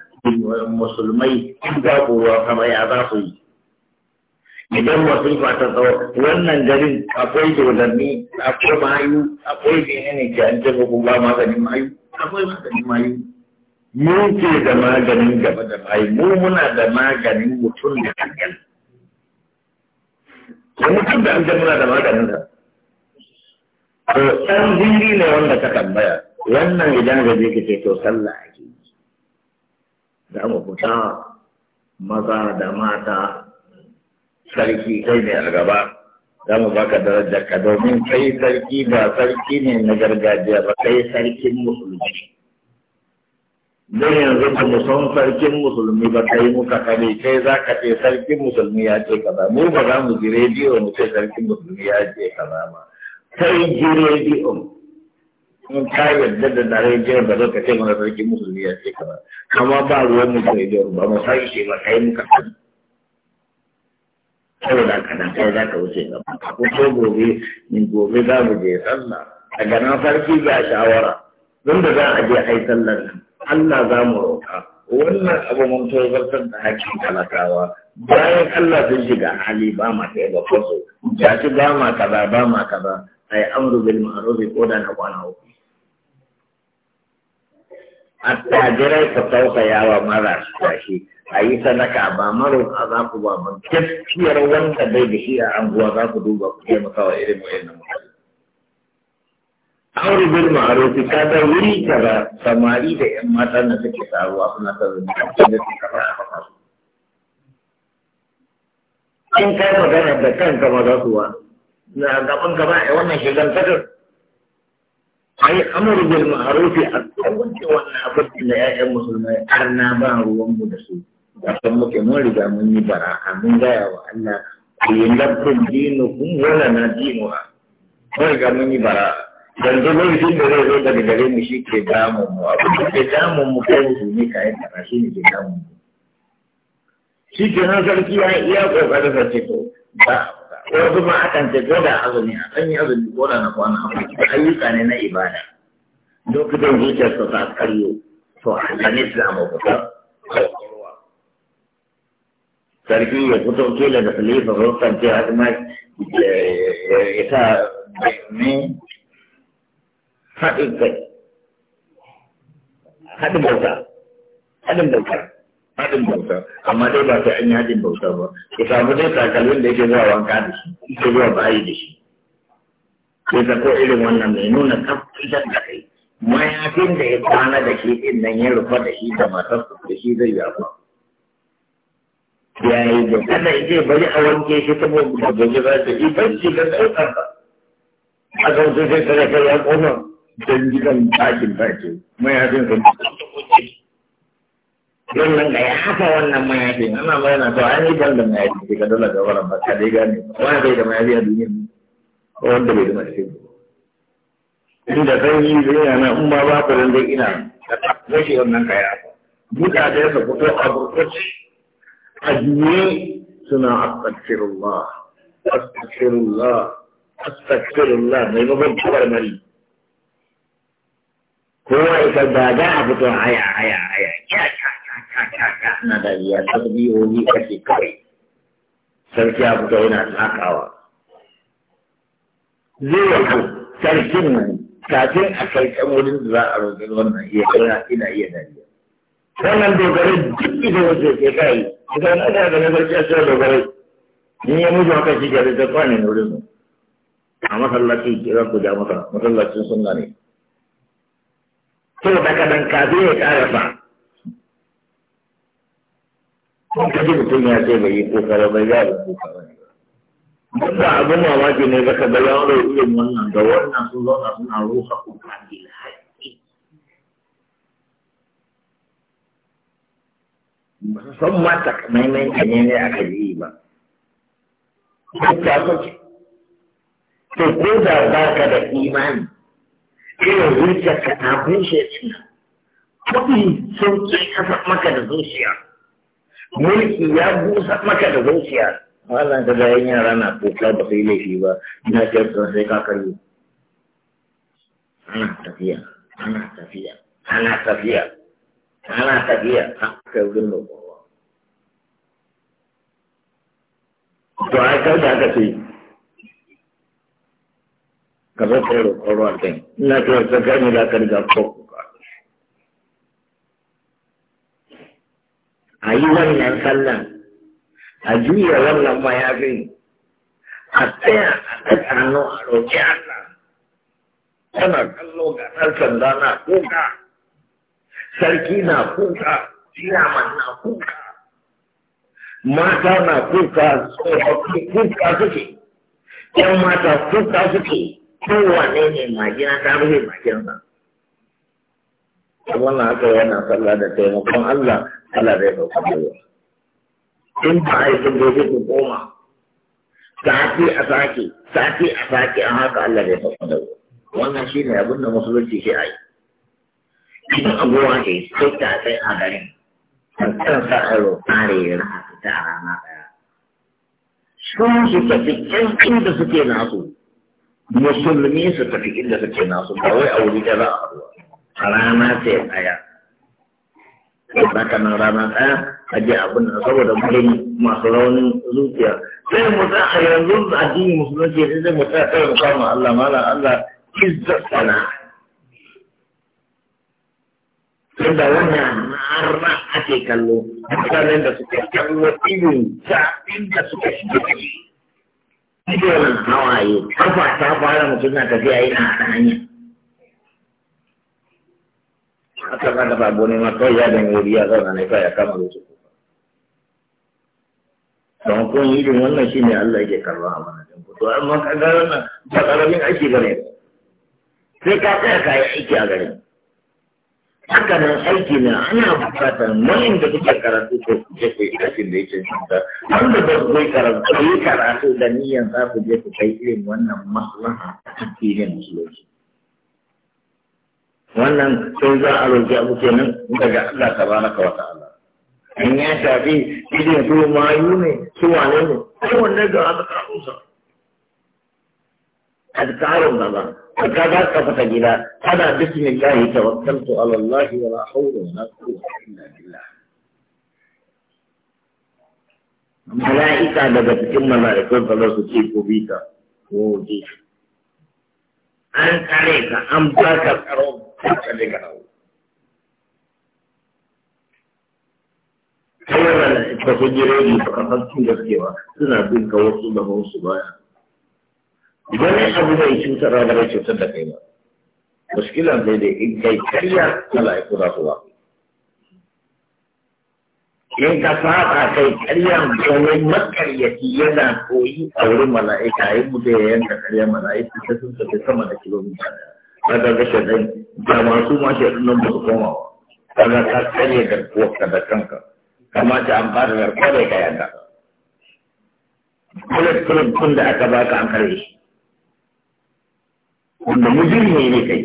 B: musulmai in za ku ruwa kama ya za su yi idan masifa ta tsawo wannan garin akwai dodanni akwai mayu akwai menene ke an ce ko ba maganin mayu akwai maganin mayu mu ke da maganin gaba da mayu mu muna da maganin mutum da kankan da mutum da an muna da maganin da to ɗan ziri ne wanda ka tambaya wannan idan ga je ce to sallah ake yi za mu fita maza da mata sarki kai ne a gaba za mu baka darajar ka domin kai sarki ba sarki ne na gargajiya ba kai sarkin musulmi don yanzu ba mu san sarkin musulmi ba kai muka kare kai za ka ce sarkin musulmi ya ce kaza mu ba za mu ji rediyo mu ce sarkin musulmi ya ce kaza ba kai ji rediyo in ka yarda da na rediyon da zaka ce mana sarkin musulmi ya ce kaza kama ba ruwan mu rediyo ba mu san ba kai muka kare saboda kanan kai za ka wuce gaba ka fito gobe ni gobe za mu je sallah daga nan farki ga shawara don da za a je a yi sallar nan Allah za mu roƙa wannan abu mun tozartar da hakkin talakawa bayan Allah sun shiga hali ba ma ta yaba kwaso ya ci ba ma kaza ba ma kaza ayi amru bil ma'ruf ko da na kwana uku attajirai ku tausaya wa mara shi a yi sadaka ba maroka za ku ba ba gaskiyar wanda bai da shi a anguwa za ku duba ku taimaka wa irin wayannan mutane aure bil ma'ruf ka da wuri kaza samari da yan mata na suke taruwa suna ta zuwa da suka fara fara in kai magana da kanka ma za su wa na gaban gaba a wannan shigan takar ai amur bil ma'ruf a kowace wannan abin da ya'yan musulmai har na ba ruwan mu da su da kan muke mun riga mun yi bara'a mun gaya wa Allah ku yi lakum dinukum wala na dinuha mun riga mun yi bara'a yanzu lokacin da zai zo daga gare mu shi ke damun mu abin da ke damun mu kai su ne ka yi tara shi ne ke damun mu shi ke nan sarki ya iya kokarin sa ce to ba wasu ma akan ce goda azumi a kan sanyi azumi goda na kwana a ayyuka ne na ibada lokutan zuciyar ta ta karyo to a hannun islamu kusa sarki ya fito kila da khalifa ko kan ce har ma ya sa ne haɗin kai haɗin bauta haɗin bauta haɗin bauta amma dai ba sai an yi haɗin bauta ba ku samu dai takalmin da yake zuwa wanka da shi yake zuwa bayi da shi sai ta ko irin wannan mai nuna tabbatar da kai mayafin da ya kwana da shi din nan ya rufa da shi da matar da shi zai yafa ya yi da kada ya ce bari a wanke shi ta mu da gobe za ta yi barci da ɗaukar ba a kan sai sai ta da kai ya koma don gidan ɗakin ɗakin mayafin sun wannan da ya haka wannan mayafi ana bayana to an yi ban da mayafi ke ka dole ga wannan ba ka dai gane wani bai da mayafi a duniya ko wanda bai da mayafi inda kan yi zai yana in ba ba ku dan dai ina rashe wannan kaya mutane su fito a burkuci a duniya suna astaghfirullah astaghfirullah astaghfirullah mai gaban kubar mari kowa ita da za a fito aya aya aya ya ya na dariya tarbiyoyi kake kawai
A: sarki ya fito yana
B: takawa zai wato sarkin mu kafin a kai kan wurin da za a roƙi wannan iya kai ina iya dariya
A: wannan dogarai duk
B: ita wace ke kai ita na da da nazarci a cikin dogarai Ni ya mutu haka shi gari da kwanin wurin mu. a masallaci kira ku ja masa masallacin sunna ne. Sau da dan kafin ya ƙarasa kaji mutum ya ce bai yi kokara bai ya yi kokara ne duk da abin mamaki ne zaka ga yawon rai irin wannan da wannan sun zauna suna ruha kuka bil haƙƙi ba su san ma takamaiman kanye ne aka yi ba ta ce to ko da ba ka da imani irin zuciyarka ta kunshe tsina kuɗi sauƙi kafa maka da zuciya mulki ya busa maka da zuciya wannan ka ga yara na kuka ba sai laifi ba ina cewa sai ka karyo ana tafiya ana tafiya ana tafiya ana tafiya haka wurin da kowa to ai kai da aka ce ka zo kai roƙon ruwa kai ina cewa kai ne da ka riga a yi wannan sallan a juya wannan mayafin a tsaya a ɗaga hannu a roƙi Allah tana kallo ga ɗan sanda na kuka sarki na kuka ciyaman na kuka mata na kuka tsofaffi kuka suke ƴan mata kuka suke kowane ne majina ta rufe majinsa wannan haka yana sallah da taimakon Allah Allah zai sauka da in ba a yi sun gobe ku koma sati a sake sati a sake an haka Allah zai sauka da yawa wannan shi ne abin da musulunci ke ayi
A: idan abuwa ke sai ta
B: sai a garin kan sa a roƙare ya raha ta
A: a rana ɗaya
B: sun su tafi can inda suke nasu musulmi su tafi inda suke nasu ba wai a wuri da za a faruwa rana ce ɗaya tsakanin rana ɗaya a ji abin da saboda gudun masu raunin zuciya sai mu sa a yanzu da addini musulunci sai sai mu sa kai kama Allah mala Allah izza sana
A: tunda wannan rana
B: ake kallo mutanen da suke kallo irin
A: ta inda suka shiga ciki
B: Ido nan hawaye, kafa ta fara mutum na tafiya yana a hanya. haka za ka babu ne ma da wuri ya zauna ne ya kama rusu don kun yi irin wannan Allah yake karba a mana din to amma ka ga wannan ba karamin aiki gare sai ka tsaya ka yi aiki a gare
A: haka aiki na ana bukatan mayin da
B: kuke karatu ko je ku da yake an da ba ku yi karatu yi karatu da niyyar za ku je ku irin wannan maslaha a cikin
A: wannan sai za a
B: roƙi abu kenan daga Allah tabaraka wa ta'ala in ya shafi irin su mayu ne su wane ne sai wanne ga azkarunsa azkarun da ba ka ga ka fita gida ana bismillah tawakkaltu ala Allah wa la hawla wa la quwwata illa billah mala'ika daga cikin mala'ikun da su ce ko bita ko jesu an kare ka an ba ka tsaro ka ne ka dawo kawai ka sun yi rage ba ka san cin gaskewa suna bin ka wasu da wasu baya idan ne abu bai cutar da bai cutar da kai ba muskilan sai dai in kai karya Allah ya kula su ba in ka fata kai karyar domin makaryaci yana koyi a wurin mala'ika ya bude ya yanka karyar mala'ika ta sun tafi sama da kilomita ɗaya daga gashe ɗan da masu ma shaɗin nan ba su koma ba kaga ka karya garkuwar ka da kanka ta an fara garkuwa da ka yanka kulit kulit kun da aka baka an karye shi wanda mujirmi ne kai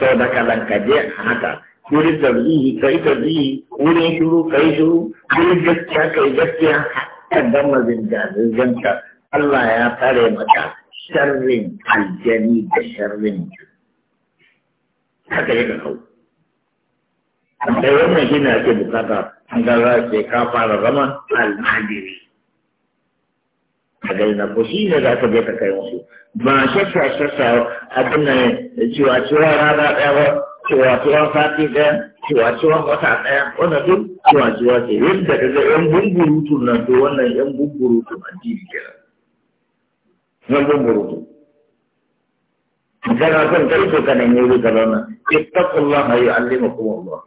B: sau da kalan ka je haka wurin tablihi kai tablihi wurin shiru kai shiru wurin gaskiya kai gaskiya hatta da mazin jazizanka Allah ya tare maka sharrin aljani da sharrin haka yake kau sai wannan shi ne ake bukata an ga za ce ka fara zama almajiri a gaina ko shi ne za ka je ka kai musu ba shakka shakka abin nan cewa cewa rana ɗaya ba ciwaciwan fati ɗaya ciwaciwan wata ɗaya wanda duk ciwaciwa ce yadda ka ga yan bungurutu na to wannan yan bungurutu addini kenan yan bungurutu kana son kai ka kana ne wuri ka zauna ittaqullaha kuma ruwa.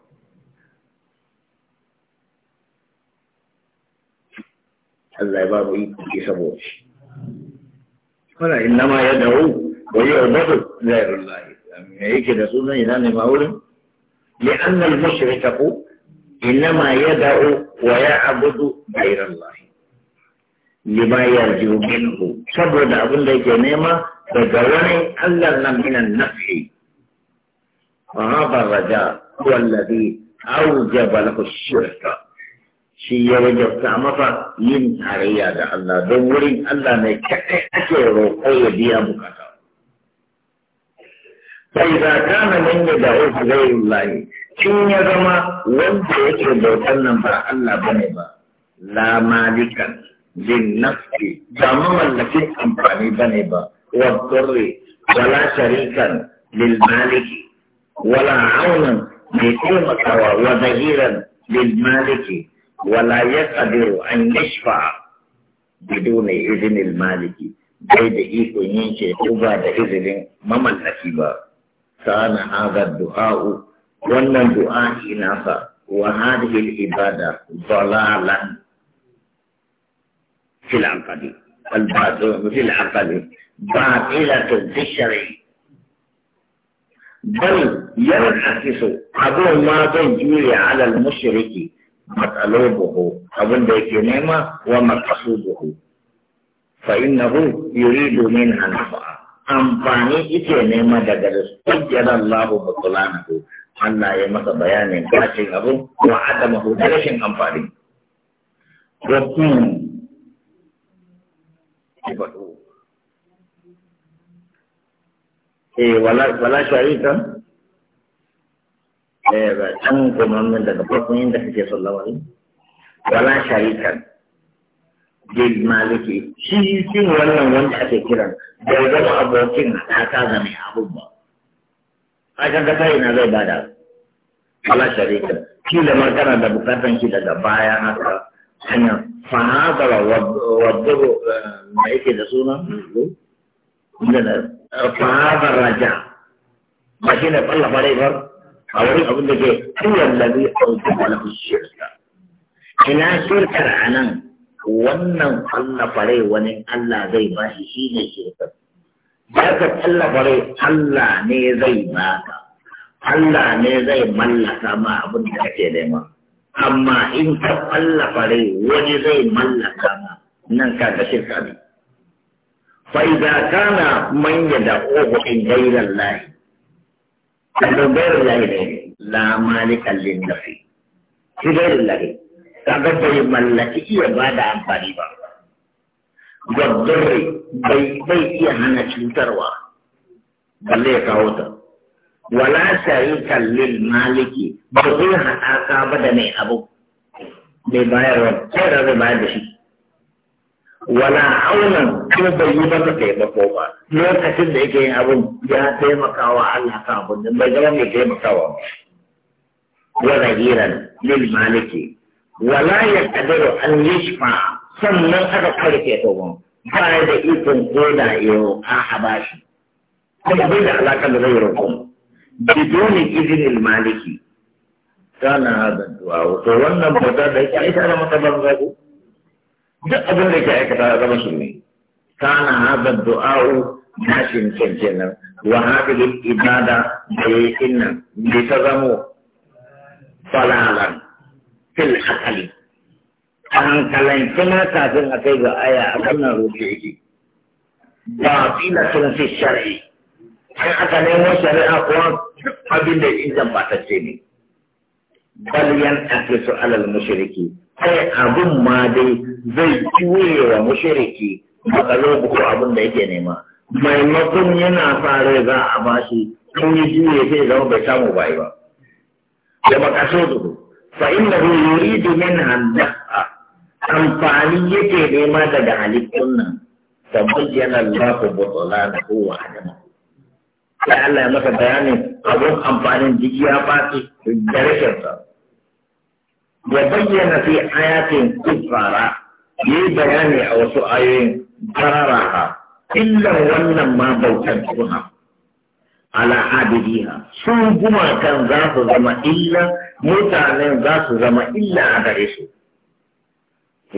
B: Allah ya ba mu yi kuke saboda shi wala inna ma ya yad'u wa yu'badu ghayra Allah me yake da suna ina ne ma wurin li anna al mushriku inma yad'u wa ya'budu ghayra allah li ma yarju minhu saboda abin da yake nema daga wani allah nan min al nafsi wa hadha raja huwa alladhi awjaba lahu shirka shi ya wajen samafa yin tarayya da allah don wurin allah mai kadai ake roƙo ya biya bukata Sai za aka na manya da uba Sulaimu Sallayyu. Shin ya zama wanda yake lokacin nan ba Allah bane ba? La malika, min nafsi ba ma mallakin amfani bane ba. Wartore wala shari'ar mil maliki. Wala haunan mai taimakawa wajen hiran mil maliki. Wala yatsa do an yishfa. Ji'u duna izinin maliki. Zai da ikon yin shi ko ba da izinin ma mallaki ba. كان هذا الدعاء وأن الدعاء نافع وهذه العبادة ضلالا في العقل الباطل في العقل باطلة في الشرع بل ينعكس أبو ما تجري على المشرك مطلوبه أبو ديك نعمة ومقصوده فإنه يريد منها نفعا amfani ike nema daga da sujjar Allah mutulanahu Allah ya masa bayanin bacin abu wa adamahu da rashin amfani. Rabbin ibadu. Eh wala wala sharika eh ba can kuma min daga farkon kake sallawa wala lil maliki shi cin wannan wanda ake kiran bai zama abokin haɗaka ga mai abun ba a kan ka ina zai bada ala sharika Shi ma kana da bukatan shi daga baya haka hanya fa hada waddu ma yake da suna fa hada raja ba shi ne balla bare ba a wurin abin da ke da huwa allazi awjaba lahu shirka ina shirkar anan wannan Allah farai wani Allah zai ba shi shi ne shirka ba ka Allah farai Allah ne zai ba ka Allah ne zai mallaka ma abin da kake nema amma in ka Allah farai wani zai mallaka ma nan ka ga shirka ne fa idza kana man yad'uhu in ghayra Allah kan ghayra Allah ne la malika lin nafi ghayra Allah kaga bai mallaki iya ba da amfani ba
A: gwabbare
B: bai bai iya hana cutarwa balle ya kawo ta wala sharika lil maliki ba zai haɗaka ba da mai abu mai wa sai da zai bayar da shi wala aunan ko bai yi ba taimako ba lokacin da yake yin abu ya taimakawa Allah ka abun bai zama mai taimakawa wala hiran lil maliki wala ya kadiru an yishma sannan aka karfe tobon ba da ikon koda yau a haba shi kuma bai da alaƙar da zai roƙon bidonin izinin maliki na hada du'a wato wannan bauta da yake aika da mata ban zaku duk abin da yake aikata da zama shirme kana hada du'a nashin kenan wa hadhihi ibada da yakin nan bi ta zamo falalan fil akali a kalanci kuma kafin a kai ga aya a wannan roƙe yake ba fila sun fi shari'i an aka nemo shari'a kuwa abin da in ce ne bal a fi su alal mushriki kai abin ma dai zai juye wa mushriki matsalo ko abin da yake nema maimakon yana fara za a bashi kan yi juye sai zama bai samu bai ba da makaso فإنه يريد منها da أمفانية لما تدعى للسنة تبين الله بطلانه وعدمه sai Allah ya masa bayanin abin amfanin jiki ya faɗi da sa. Ya bayyana fi ayatin kufara ya yi bayani a wasu ayoyin bararaha illan wannan ma bautan suna su gumakan za su zama illa mutanen za su zama illa a gare su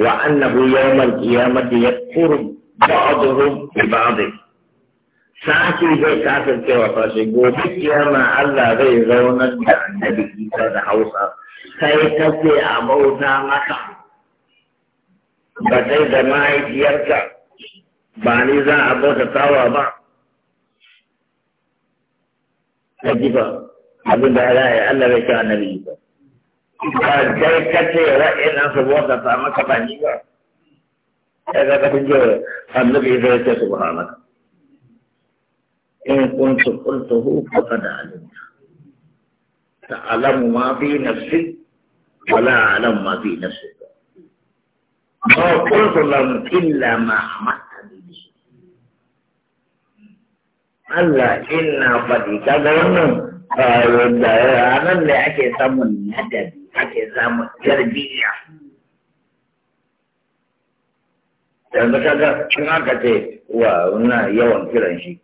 B: wa annahu yawmal qiyamati yakfuru ba'dhum bi ba'd sashi zai kafirce wa sai gobe kiyama Allah zai zauna da annabi Isa da Hausa sai ta ce a bauta maka ba sai da mahaifiyarka ba ni za a bauta tawa ba ka ji abin da Allah ya Allah bai kira annabi ba ba dai kace wa'annan su wata ta maka bani ba sai ga ka tunje annabi da ya ce subhanaka in kuntu qultuhu faqad alimta ta'lamu ma fi nafsi wa la a'lamu ma fi nafsi ما قلت لهم إلا ما أمرتني به Allah inna qad kadana da ranar ne ake samun ladabi ake samun tarbiyya yanzu kaga in aka ce wa na yawan kiran shi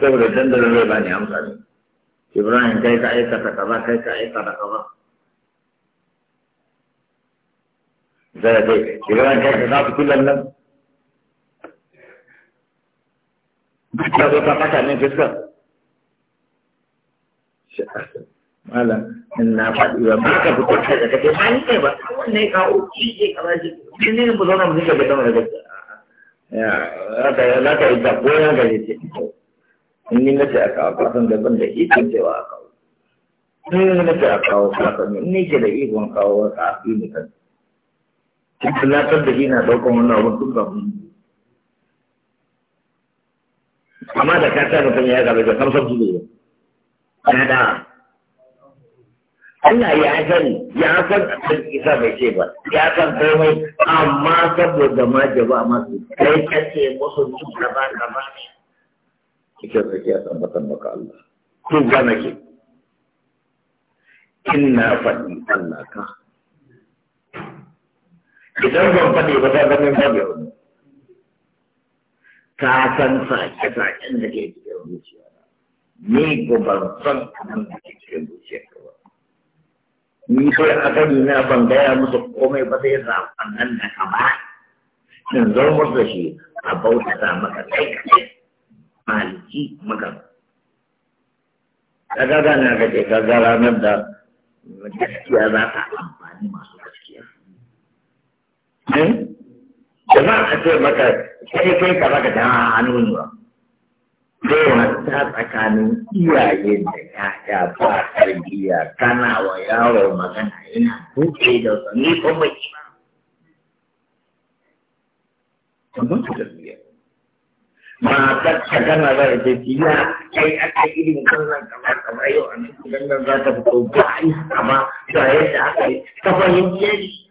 B: saboda dandalin zai bani amsa ne ibrahim kai ka aikata kaza kai ka aikata kaza zai ce ibrahim kai ka zafi filan nan ka zo ka fata min fuskar malam in na faɗi ba ka fito kai da kake ba ni kai ba wannan kawo shi ke kamar shi shi ne mu zauna mu dinga gidan da ya za ka yi da goyon gare ce in ni na ce a kawo kasan ban da ikon cewa a kawo in ni na ce a kawo kasan in ni ke da ikon kawo a kafi ni kan da shi na wannan ba amma da ka sa mutum ya gaba da kamsar zuwa kada Allah ya sani ya san abin isa bai ce ba ya san komai amma saboda ma jaba masu kai kace musu ba gaba gaba ne kike sake a tambatan maka Allah ku ga nake inna faɗi Allah ka
A: idan ban faɗi ba ta zama ba bai
B: wani ka san sa sa saken da ke biyar zuciya ni ko ban san abin da ke cikin ba ni kai a gani na ban gaya musu komai ba sai zaɓen nan da ka ba in zo musu da shi a bautata maka kai maliki maka
A: kaga gana ka ce kaga ranar
B: da gaskiya za ta amfani masu gaskiya jama'a a ce maka kai kai ka baka ta hannu ne ba Yawan ta tsakanin iyaye da ‘ya'ya ba tarbiyya kana wa yaro magana ina buɗe da sami kuma ki ba. Kamar ta tarbiyya.
A: Matar ta gana za ta ce ya kai
B: aka irin kallon kamar kamar yau a nan gangan za ta fito ba a yi haka ba da yadda aka yi ta fahimci yadda.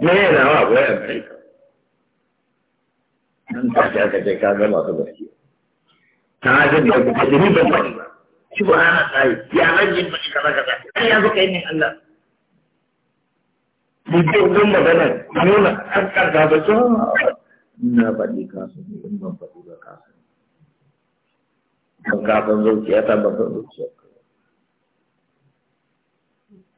B: me yana wa akwai amerika nan ta ce aka ce ka gama su gaskiya ta ce da ku ta jini ban faɗi ba shi ba ta yi ya zan yi faɗi kaza kaza ai ya zuka yi allah ni ce wajen magana nuna an karka ba ce ah, ina faɗi kasu ne in ban faɗi ba kasu ban kafin zuciya ta ban zuciya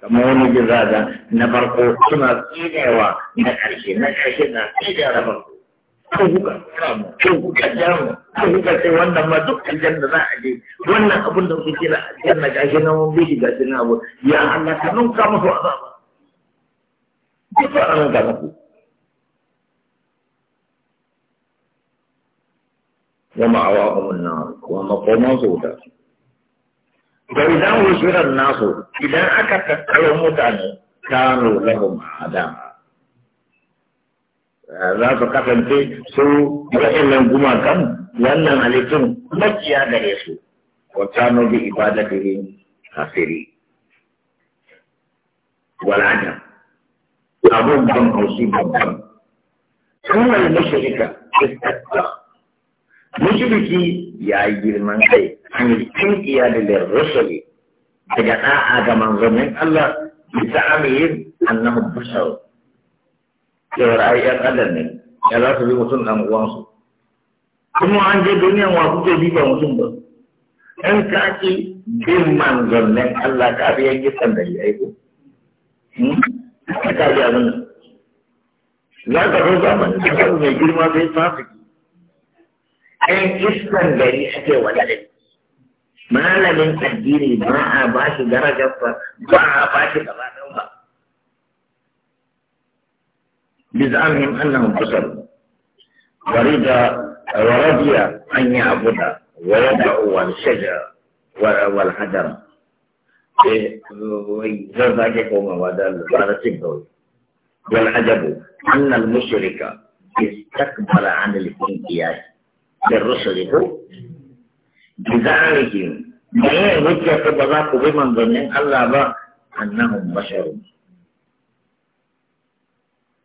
B: kamar wani jin raga na farko suna tsinewa na ƙarshe na ƙarshe na tsinewa na farko ko kuka tsira mu ko kuka ja mu ko wannan ma duk aljanna za a je wannan abin da kuke kira na gashi na mun bishi gashi na abu ya Allah ka nunka musu azaba duk ba an ga muku wa ma'awahum an-nar wa maqamu sawta da idan shirar nasu idan aka tattaro mutane kano lahum adama eh, za su kasance su guma kan wannan halittun makiya gare su wa kano bi ibadatihi kafiri walanya abun ban haushi babban kuma yi mashirika istatta mushriki ya yi girman kai an yi tinkiya da lirrusuli daga ɗa'a ga manzannin Allah bi ta'amiyin annahu bashar cewar ai yan adam ne ya za su bi mutum dan uwansu kuma an je duniyan wa kuke bi ba mutum ba in ka ki bin manzannin Allah ka bi yan gisan da ya aiko hmm? ka ji abin za ka zo zamanin da mai girma sai fasiki ɗan iskan gari ake wani malamin addini ba a ba shi darajarsa ba a ba shi gaba ɗan ba bizamhim annahum kasaru ورضا ورضي أن يعبد ويدع والشجر والحجر زرزاجكم والعجب أن المشرك استكبر عن الانقياد da rusuli ko bizarrikin da yin hujja ta ba za ku bi manzannin Allah ba annahum basharun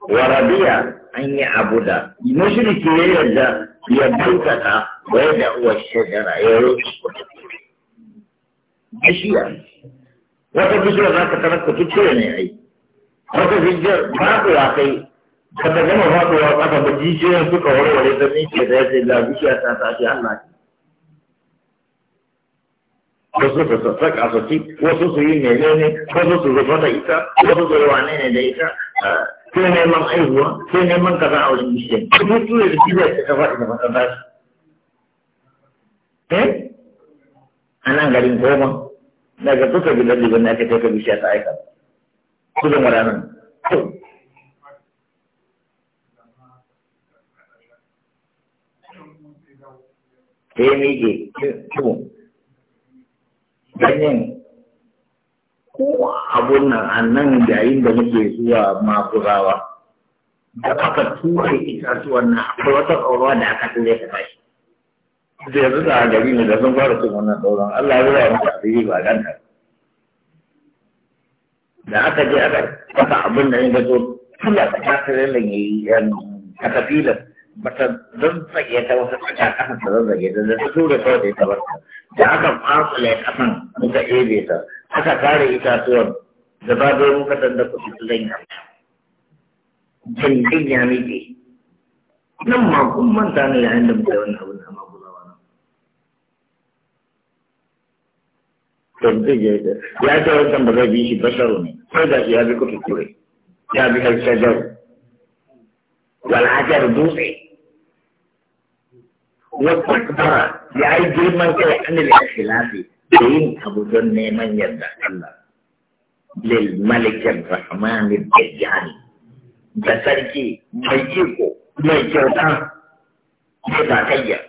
B: wa rabiya an yi abu da mushriki ya yarda ya bautata wa ya da uwa shajara ya roƙi bishiya wata bishiyar za ka tarar ku tuce ne ai wata bishiyar ba ku ya kai ba ta gama faɗuwa ƙasa ba jijiyoyin suka warware ta sun ce da ya ce da bishiya ta ta ce Allah ce. Wasu su sassaƙa su ci, wasu su yi ne, wasu su zufa da ita, wasu su yi wane ne da ita, sai neman aihuwa, sai neman kaza a wajen bishiya. Kuma tuyo da bishiya ta kafa ita ba ta tashi. Eh? A nan garin goma, daga tuka gidan da na ake taka bishiya ta aika. Kudu Kudan wadannan. sai ya mege kyau ganyen ko abun nan a nan yayin da muke zuwa makurawa da aka ture itatuwan wannan akwai wata ƙaura da aka ture ta tashi da yanzu da gari ne da sun fara cin wannan ɗauran Allah ya zuwa musu yi ba ganta da aka je aka kafa abin da ya gato tula ta kasirin da ya yi a tafilan Mata don tsage ta wata tsaka kasan ta zage ta da ta tura kawai da ita barka da aka fasula kasan muka ebe ta aka kare itatuwan da ba zai muka danda ku fito zan yi jindin ya miƙe
A: nan ma kun manta ne yayin
B: da muka yi wannan abin amma ku zawa nan ya ce wancan ba zai bi shi basharo ne sai da ya bi kutu ture ya bi har shajaru wal hajar dutse wakabara ya yi girman kai an da ya filafi da yin abu don neman yadda Allah lil malikin rahmani da yani da sarki mai iko mai kyauta da ba kayya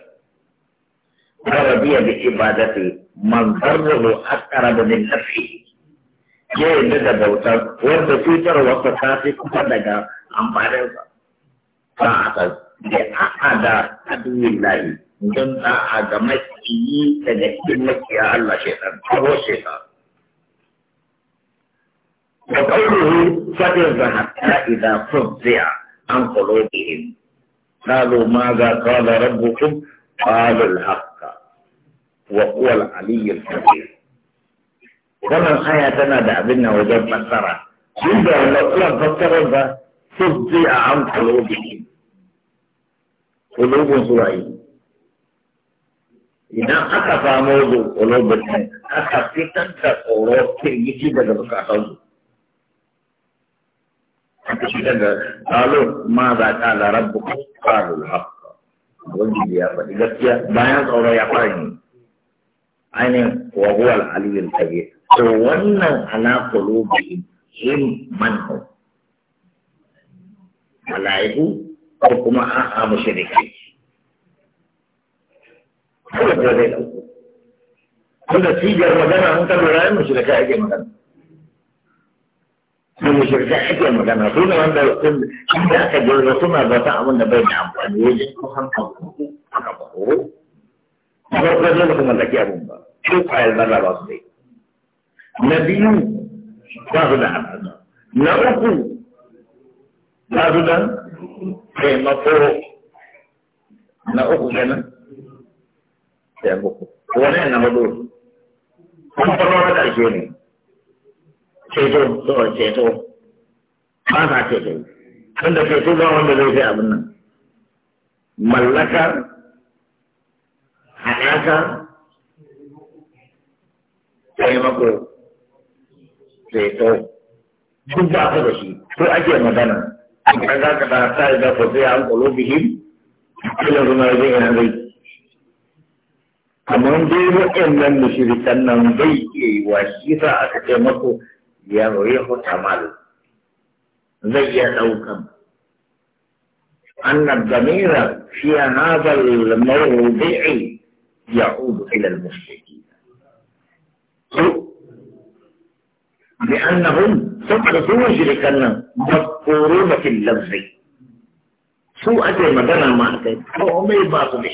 B: ya rabi ba bi ibadati man zarrahu akara da min nafi
A: ya yadda da bauta wanda
B: su wasa ta fi kuma daga amfaninsa ba a ka a adu lillahi don da'a ga makiyi daga cikin makiya Allah shaitan kawo shaitan wa qawluhu fadin hatta idza fuzza an qulubihim قالوا ماذا قال ربكم قالوا الحق وهو العلي الكبير wannan aya tana da abin nan wajen fassara shi da wannan fassarar ba sai a an kulubin kulubin su waye idan aka samo zuƙulo birnin aka fitar da tsoro firgici daga bukatan su aka fitar da tsalo ma za ka larar bukatan haka wani da ya faɗi gaskiya bayan tsoro ya fara ne ainihin wahuwar aliyun tage to wannan ala kulubi in manhu mala'iku ko kuma a'a mushrikai dole sai zai ɗauko tunda sigar magana in ka lura mu shirka ake magana
A: da mushirka ake magana su ne wanda inda aka jirga suna zata abin da bai da amfani wajen
B: kusan kanku aka baro na farko dole kuma da ke abin ba ko kwayar zalla ba su dai na biyu ba su da amfani na uku ba su da taimako na uku kenan sai uku wani na hudu kuma farko na ƙarshe ne ceto so ceto ba sa ceto tunda ceto ba wanda zai sai abin nan mallaka halaka taimako ceto duk ba ka da shi ko ake magana an ka ka ta ta da ko sai an kulo bihim kila zuma zai ina zai kamar dai wa'annan mushrikan nan bai iya yi wa shi sa aka ce masu ya roye hutamal zai iya ɗaukan أن الضمير في هذا الموضع يعود إلى المشركين لأنهم سبقة مشركا مذكورون في اللفظ سوء أتي مدنا ما أتي أو أمي باطل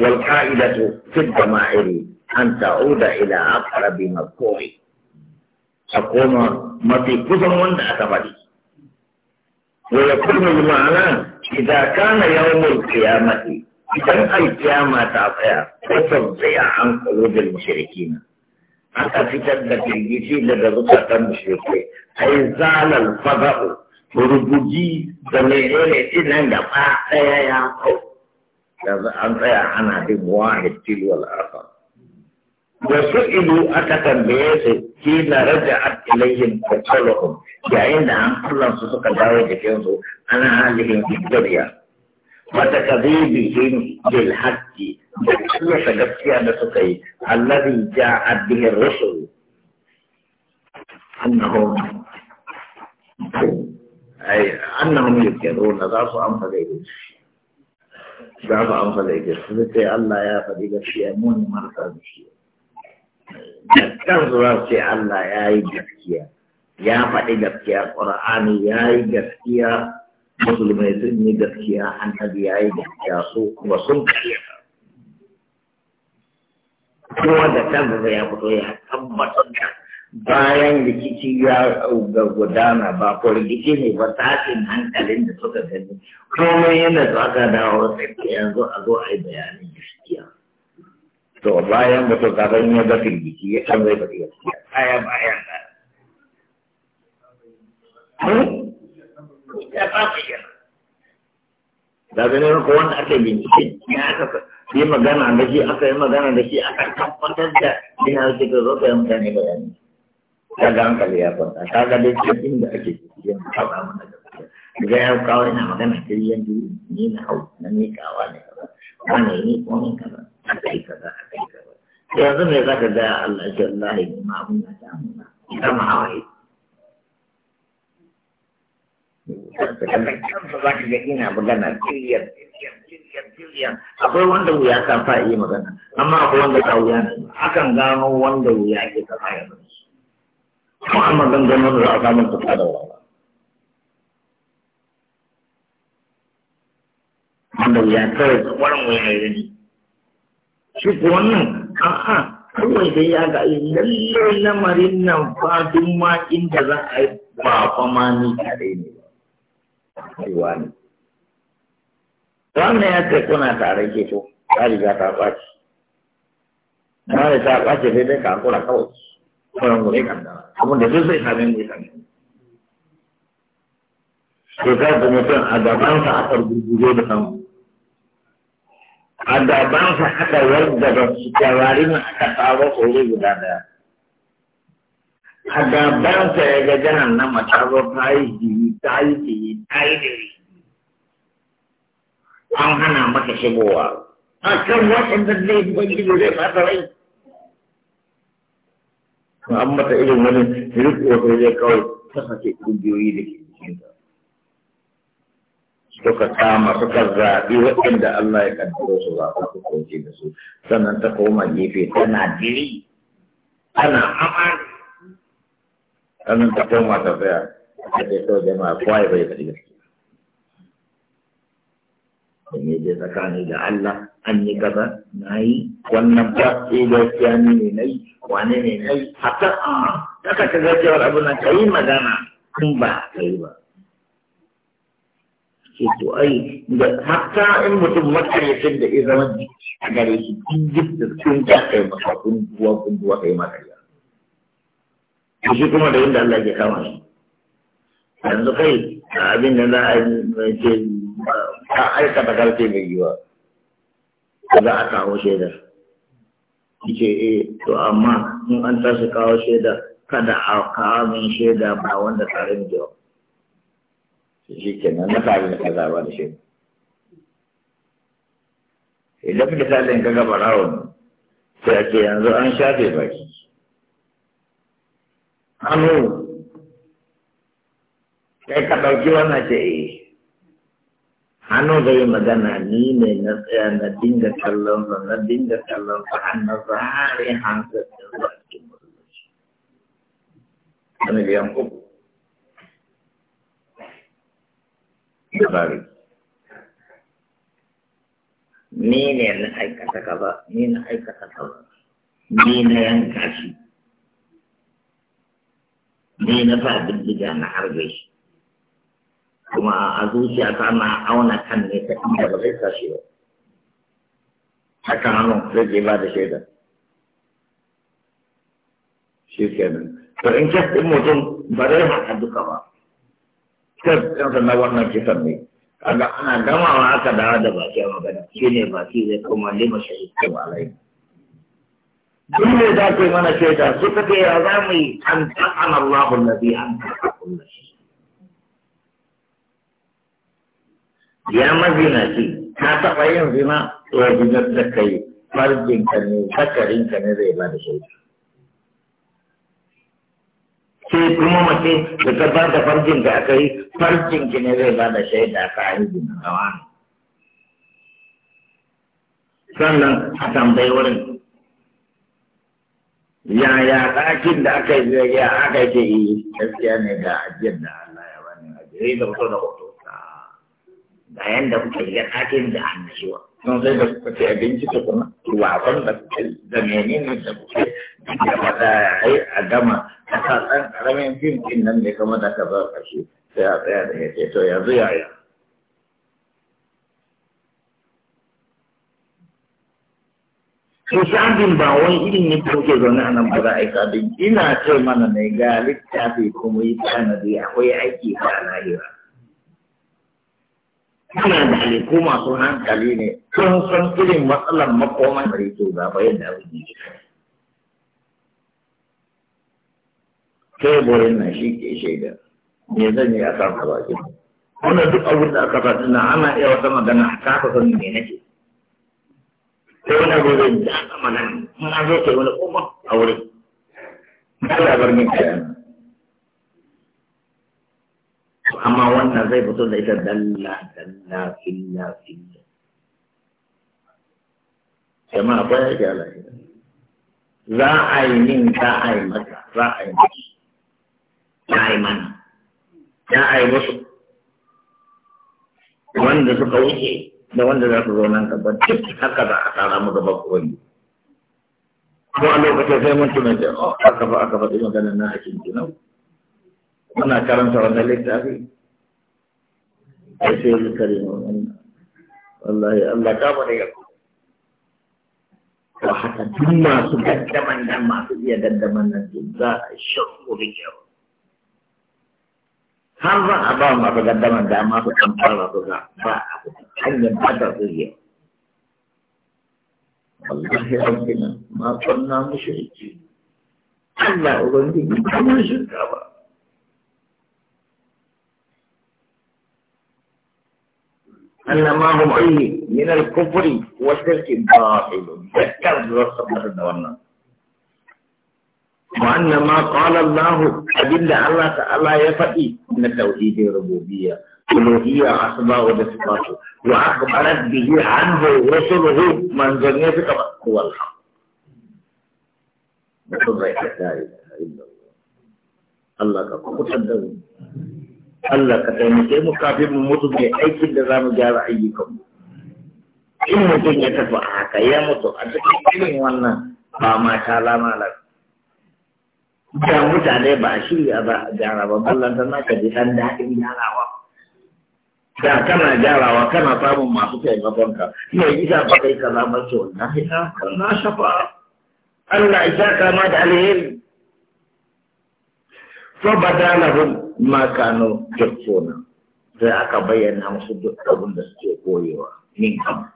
B: والقاعدة في الضمائر أن تعود إلى أقرب مذكور تقوم ما في كثم وند أتبري ويكون المعنى إذا كان يوم القيامة إذا القيامة تطيع وتضيع عن قلوب المشركين aka fitar da firgici daga zukatan mushrikai ai zalal fada'u rubuji da menene idan gaba ɗaya ya kau an tsaya ana bin واحد تلو al'akhar وسئلوا أكثر بيس حين رجعت إليهم قتلهم يعني أن الله سوسك دعوة كيونسو أنا عليهم في الدنيا وتكذيبهم بالحق بكل شغبتي أنا سكي الذي جاء به الرسل أنهم أي أنهم يذكرون ذات أنفسهم za su amsa da ita su ce Allah ya faɗi gaskiya mu ne marasa gaskiya da kansu za su ce Allah ya yi gaskiya ya faɗi gaskiya ƙur'ani ya yi gaskiya musulmai sun yi gaskiya annabi ya yi gaskiya su kuma sun kariya kuma da kansa ya fito ya tabbatar da bayan rikici ya ga gudana ba ko rikici ne ba tashin hankalin da suka gani komai yana da aka dawo sai yanzu a zo a yi bayanin gaskiya to bayan mutum kafin ya ga firgici ya kan zai faɗi gaskiya kaya bayan ka hmm? ya ba su yana da ganin ko wanda aka bincike ya aka yi magana da shi aka yi magana da shi aka tabbatar da ina suka zo ka yi mutane bayani kaga hankali ya kwanta kaga da ake cikin haɗa mana gaskiya daga ya kawo magana kiryan biyu ni na hau a a Allah magana akwai wanda wuya ta fa'i magana amma akwai wanda wuya akan gano wanda wuya ke ta fa'i magana kuma dan da za a samun tuka da wawa wanda ya kawai kwarin wuya ya yi shi ko a'a kawai da ya ga lallai lamarin nan fadin ma inda za a yi ni ne ba kaiwa ne ya ce kuna tare ke to ta riga ta ɓaci
A: ta
B: daidai ka kura kawai Orang boleh kandang. Kamu dah selesai sampai misalnya.
A: a kemudian
B: ada bangsa atau berburu A Ada bangsa ada warga dan sejawari ada tahu oleh berada. Ada bangsa yang jangan nama tahu kai di kai di kai di. Ang hana makasibuwa. Akan wasan dan boleh an mata irin wani riko sai zai kawai ta sake kungiyoyi da ke jikinta suka kama suka zaɓi waɗanda Allah ya kaddaro su za su kauce da su sannan ta koma gefe tana diri ana amari sannan ta koma ta tsaya ta ce kawai jama'a kawai bai da gaske ne dai tsakani da Allah an yi kaza na yi wannan ba sai gaskiya ne ne na yi wane ne na yi hatta a daga ka gaskiyar abin nan ka yi magana kun ba ka yi ba ce to ai da hatta in mutum makaryacin da ya zama a gare shi duk duk da kun ga kai masa kun duwa kun duwa kai makarya shi kuma da inda Allah ke kama shi yanzu kai abin da za a yi ce ka aikata karfe mai yiwa za a kawo shaidar ce e, eh, to amma in an tashi kawo shaidar kada a kawo min shaida ba wanda tare da jawa shi kenan na tare da kaza ba da shaida idan misalin ka gaba rawon sai ake yanzu an shafe baki hannu kai ka ɗauki wannan ce eh hannu zai yi magana ni ne na tsaya na dinga kallon sa na dinga kallon sa har na zare hankali da cikin musulunci a miliyan uku labari ni ne na aikata kaza ni na aikata kaza ni na yanka shi ni na sa bindiga na harbe shi kuma a zuciya ta na auna kan ne ta inda ba zai tashi ba haka hannun zai je ba da shaida shi kenan to in kes ɗin mutum ba zai haɗa duka ba kes ɗin sannan wannan kisan ne kaga ana gamawa aka dawo da baki a magana shi ne baki zai koma lima shahidu alai
A: duk ne za ku yi
B: mana shaida suka ce ya za mu yi an ta'ana Allahu allazi an ta'a kullu shi ya ce, ka taɓa yin zina to zinar da kai farjinka ne zakarinka ne zai ba da shaidu sai kuma mace da ta ba da farjinka a kai farjinki ne zai ba da shaida ka a yi zina gawa sannan a tambayi wurin yaya ɗakin da aka yi zai aka ce yi gaskiya ne ga ajiyar da Allah ya bani ajiyar da hoto da hoto bayan da kuka shiga ɗakin da annashuwa don sai da kuka ci abinci da kuma wasan da kuka da menene da kuka da fata ai a gama a ƙaramin fim ɗin nan ne kamar da ka ba sai a tsaya da ya ce to yanzu yaya Musabin ba wani irin ne ko ke zaune a nan ba za a yi sabin ina ce mana ne ga littafi kuma yi tanadi akwai aiki ba a lahira. kana da aliku masu hankali ne sun san irin matsalar makoman da yake ba ba yadda abin yake teburin na shi ke shaida me zan yi a kan baki wannan duk abin da aka faɗi na ana iya wata magana ta ka san me nake sai wani abu zai da aka magana in an zo ke wani kuma a wurin ba labar min kayan amma wannan zai fito da ita dalla dalla filla filla jama'a ba ya ke alaƙi za a yi min za a yi mata za a yi mata za a yi mana za a yi musu. wanda suka wuce da wanda za su zo nan gaba duk haka za a tsara mu gaba wani. ko a lokacin sai mun tunanta oh aka fa aka faɗi maganar na hakin kinau ana karanta wannan littafi ai sai zikari wannan wallahi Allah ka bane ga ko haka duk masu daddaman nan masu iya gaddaman nan duk za a shakku da kyau har za a ba masu gaddaman da masu kan fara su ba a hanyar fata su yi wallahi rabbina ma kunna mushriki Allah ubangiji ba mun shirka ba أن ما هم عليه من الكفر والشرك باطل ذكر بالصبر دورنا وأن ما قال الله أدل على على يفئي من التوحيد الربوبية ألوهية أسماء وصفاته وأخبرت به عنه رسله من جنيتك هو الحق الله الله الله كفر Allah ka taimake mu kafin mu mutu mai aikin da za mu gyara mu.
A: In mutum ya tafi a haka ya
B: mutu a cikin irin wannan ba ma ta la. Da mutane ba a shirya ba a gyara ba, ballan ta ka ji ɗan daɗin gyarawa.
A: Da kana gyarawa kana
B: samun masu taimakonka, mai isa ba kai ka zama ce wannan hita, na shafa.
A: Allah ya sa kama da
B: alheri. ba da فبدا لهم ما sai aka bayyana بينا duk abin da suke koyewa min kam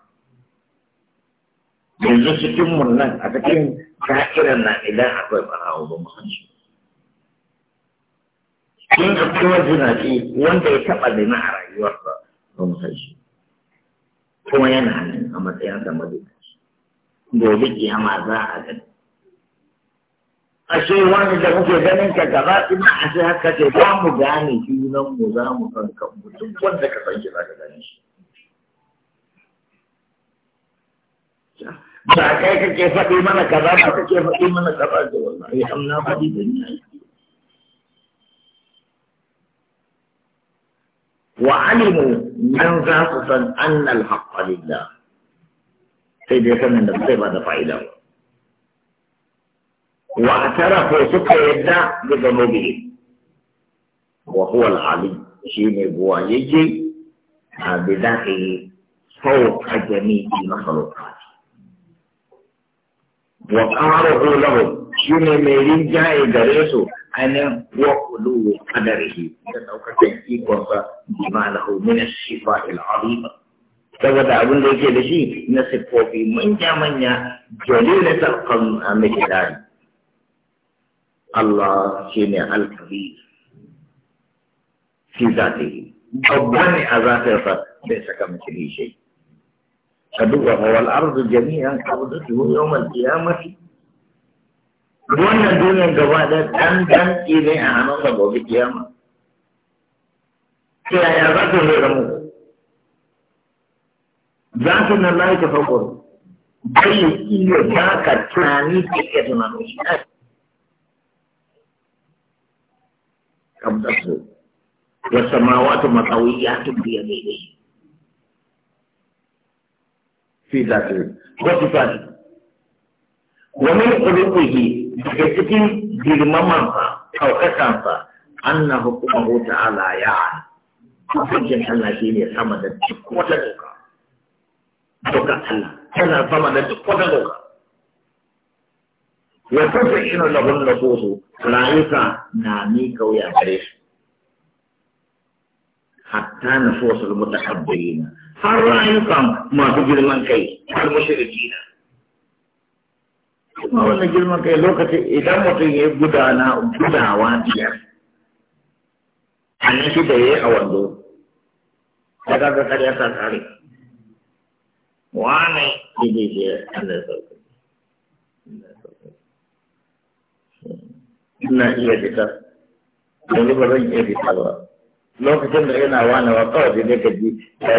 B: yanzu cikin mun nan a cikin da'irar na idan akwai barawo ba mu san shi in ka kuma zinaci wanda ya taɓa zina a rayuwarsa ba mu kuma yana nan a matsayin sa madina gobe kiyama za a gani
A: ashe wani da muke ganin ka
B: gaba ina ashe haka ce za mu gane junan mu za mu san kanmu duk wanda ka san shi za ka gane shi ba kai kake faɗi mana kaza ba kake faɗi mana kaza da wallahi am na faɗi da ni wa alimu nan za su san annal haqqa lillah sai dai sanin da sai ba da fa'ida ba واعترفوا سكا يدع بذنوبهم وهو العلي شيني يجي بذاته فوق جميع المخلوقات
A: وقهره لهم
B: شيني ميرين جاي دريسو أنا وقلو قدره لأنه كتنكيك وفا بما له من الشفاء العظيمة saboda abin da yake da shi na siffofi manya-manya jalilatar kan Allah shi ne alkabi shi yi, babba ne a za ta zatinsa bai saka mace shi ka duba wal ardu jami'an qabdatuhu yawm al-qiyamati wannan duniyar gaba da dan dan ne a hannun da gobe kiyama ta yaya za ta zai mu za ta nan lai ta fakur bai ne za ka tunani da ke tunanin shi kamtasu
A: wasa ma wata matsawi
B: ya tumbi ya daidai fi zafi wasu fadi wani kulikuli daga cikin girmaman fa ɗaukakan fa an na hukuma hota ala ya hukuncin Allah shi ne sama da duk wata doka doka Allah tana sama da duk wata doka ya kusa ina da hun nufusu rayuka na ni kauya gare su hatta nufusul mutakabbirina har rayukan masu girman kai har mushrikina kuma wannan girman kai lokacin idan mutum ya gudana gudawa biyar an shi da ya yi a wando ta kaga kar ya sa tare wane ne zai je Allah sauka ina iya fita yanzu ba zan iya fita ba lokacin da yana wani wa kawai da ka ji ya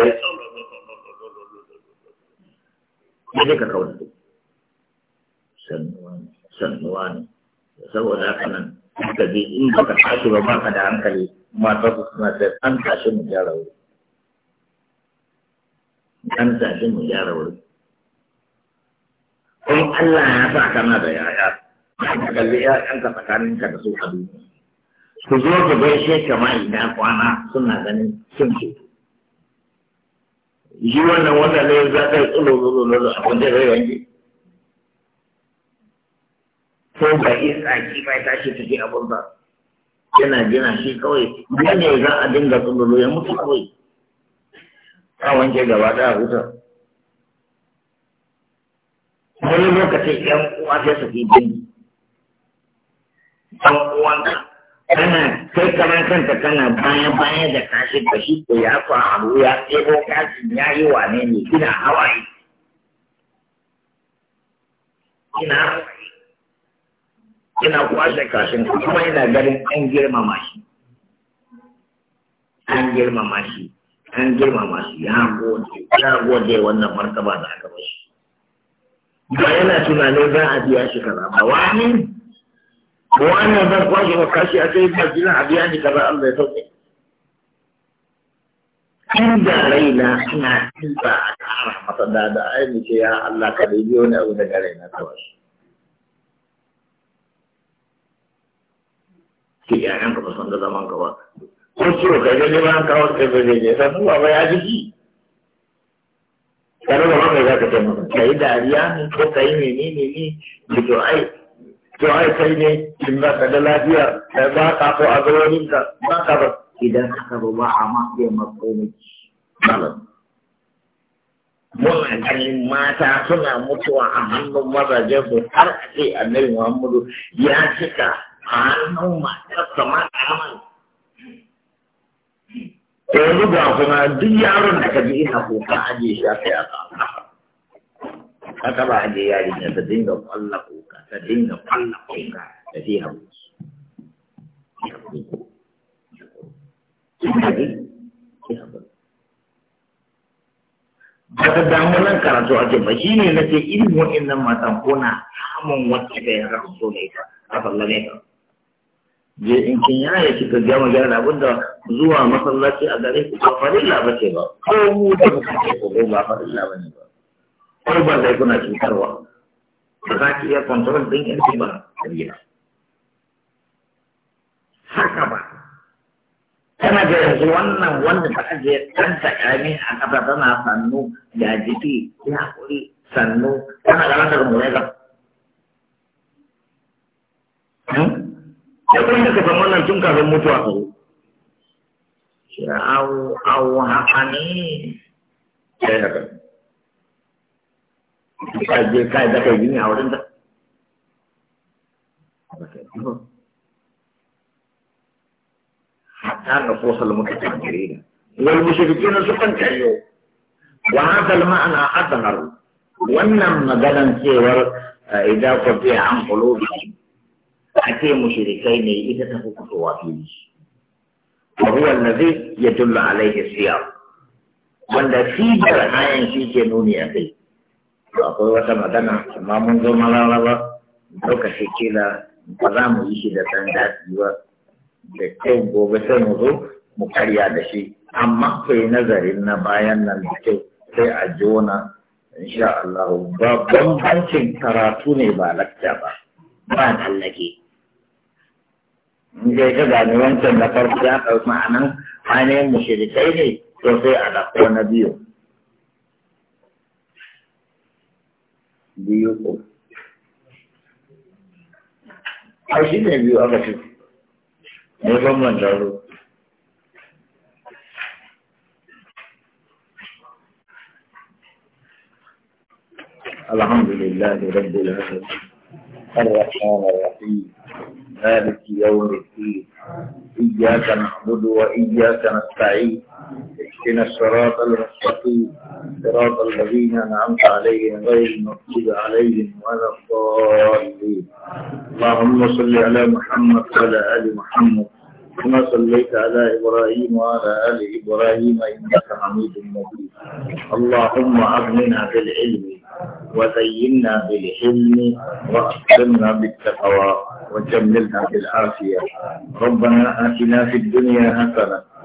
B: yi ya ka kawai da sannuwa ne sannuwa ne saboda haka nan ka ji in ba ka tashi ba ba ka da hankali mata su suna sai an tashi mu gyara wuri an tashi mu gyara wuri kuma Allah ya sa kana da yaya ka kalli ƴaƴanka tsakaninka da su a duniya ku zo ku gaishe kama ina kwana suna ganin sun ce shi wannan wanda ne za ka yi tsulo zulo zulo a kwanci rai wanke ko ba isa ki mai tashi tafi abin ba yana gina shi kawai ne za a dinga tsulo ya mutu kawai a wanke gaba ɗaya hutar wani lokacin yan uwa sai su fi dangi ɗan uwanka kana kai kaman kanta kana baya baya da kashi da ko ya fa abu ya ɗebo kashi ya yi wane ne kina hawaye kina kina kwashe kashin kuma yana ganin an girmama shi an girmama shi an girmama shi ya gode ya gode wannan martaba da aka bashi ba yana tunanin za a biya shi kaza ba wani wannan zan kwashe wa kashi a sai ba a biya ni kaza Allah ya sauke inda raina ina tilba a kara masa da da aini ce ya Allah ka dai biyo ni abu daga raina kawai ki yayan ka san da zaman ka ba ko ciwo kai ne ba ka wata kai ba ne san ba ba ya jiki kana ba mai za ka taimaka kai dariya ne ko kai menene ne ne to ai to ai kai ne in ba ka da lafiya kai ba ka ko a zaurin ka ba ka ba idan ka ba ba a ma iya malam mun ganin mata suna mutuwa a hannun mazaje su har a ce annabi Muhammadu ya cika a hannun mata ma karaman
A: yanzu ga kuma duk yaron da ka ji ina kuka
B: aje shi a kai a ka taba aje yarinya ta dinga kwalla kuka ta dinga kwalla kuka ta fi hau ba ta damu nan karatu a jin shi ne na ce irin nan matan ko na samun wata ka yi so ne ka a sallame ka je in kin yaya kika gama gyara abinda zuwa masallaci a gare ku ba farilla ba ce ba ko mu da kuka ce ko ba farilla ba ne ba kurban dai kuna cutarwa ba za ki iya kontrol ɗin yanki ba a gida haka ba tana da yanzu wannan wanda ta ajiye ɗanta ƙarami a ƙasa tana sannu da jiki ya kuri sannu tana ganin da rumunai ba hmm? ya kuma ka san wannan tun kafin mutuwa ka zo ya awu awu haka ne ya yi والمشركين سكن كيو وهذا المعنى أدنر وانما مثلا سيور إذا قلت عن قلوبهم أتي مشركين إذا تفوق وهو الذي يدل عليه السياق وأن في برهان في جنوني أخيه akwai wata magana amma mun zo malalawa lokaci kila ba za mu yi shi da san daɗi ba da kyau gobe sai mu zo mu karya da shi amma kai nazarin na bayan nan da kyau sai a jona insha Allah ba hancin karatu ne ba lakta ba ba tallake in dai ka gane wancan na farko ya ɗauki ma'anan ainihin mushirikai ne to sai a ɗauko na biyu biyu ko a shi ne biyu aka ce ne ban man daro الحمد الرحمن الرحيم مالك يوم الدين إياك نعبد وإياك نستعين اهدنا الصراط المستقيم صراط الذين أنعمت عليهم غير المغضوب عليهم ولا الضالين اللهم صل على محمد وعلى آل محمد كما صليت على إبراهيم وعلى آل إبراهيم إنك حميد مجيد اللهم أغننا بالعلم وزينا بالحلم وأكرمنا بالتقوى وجملنا بالعافية ربنا آتنا في الدنيا حسنة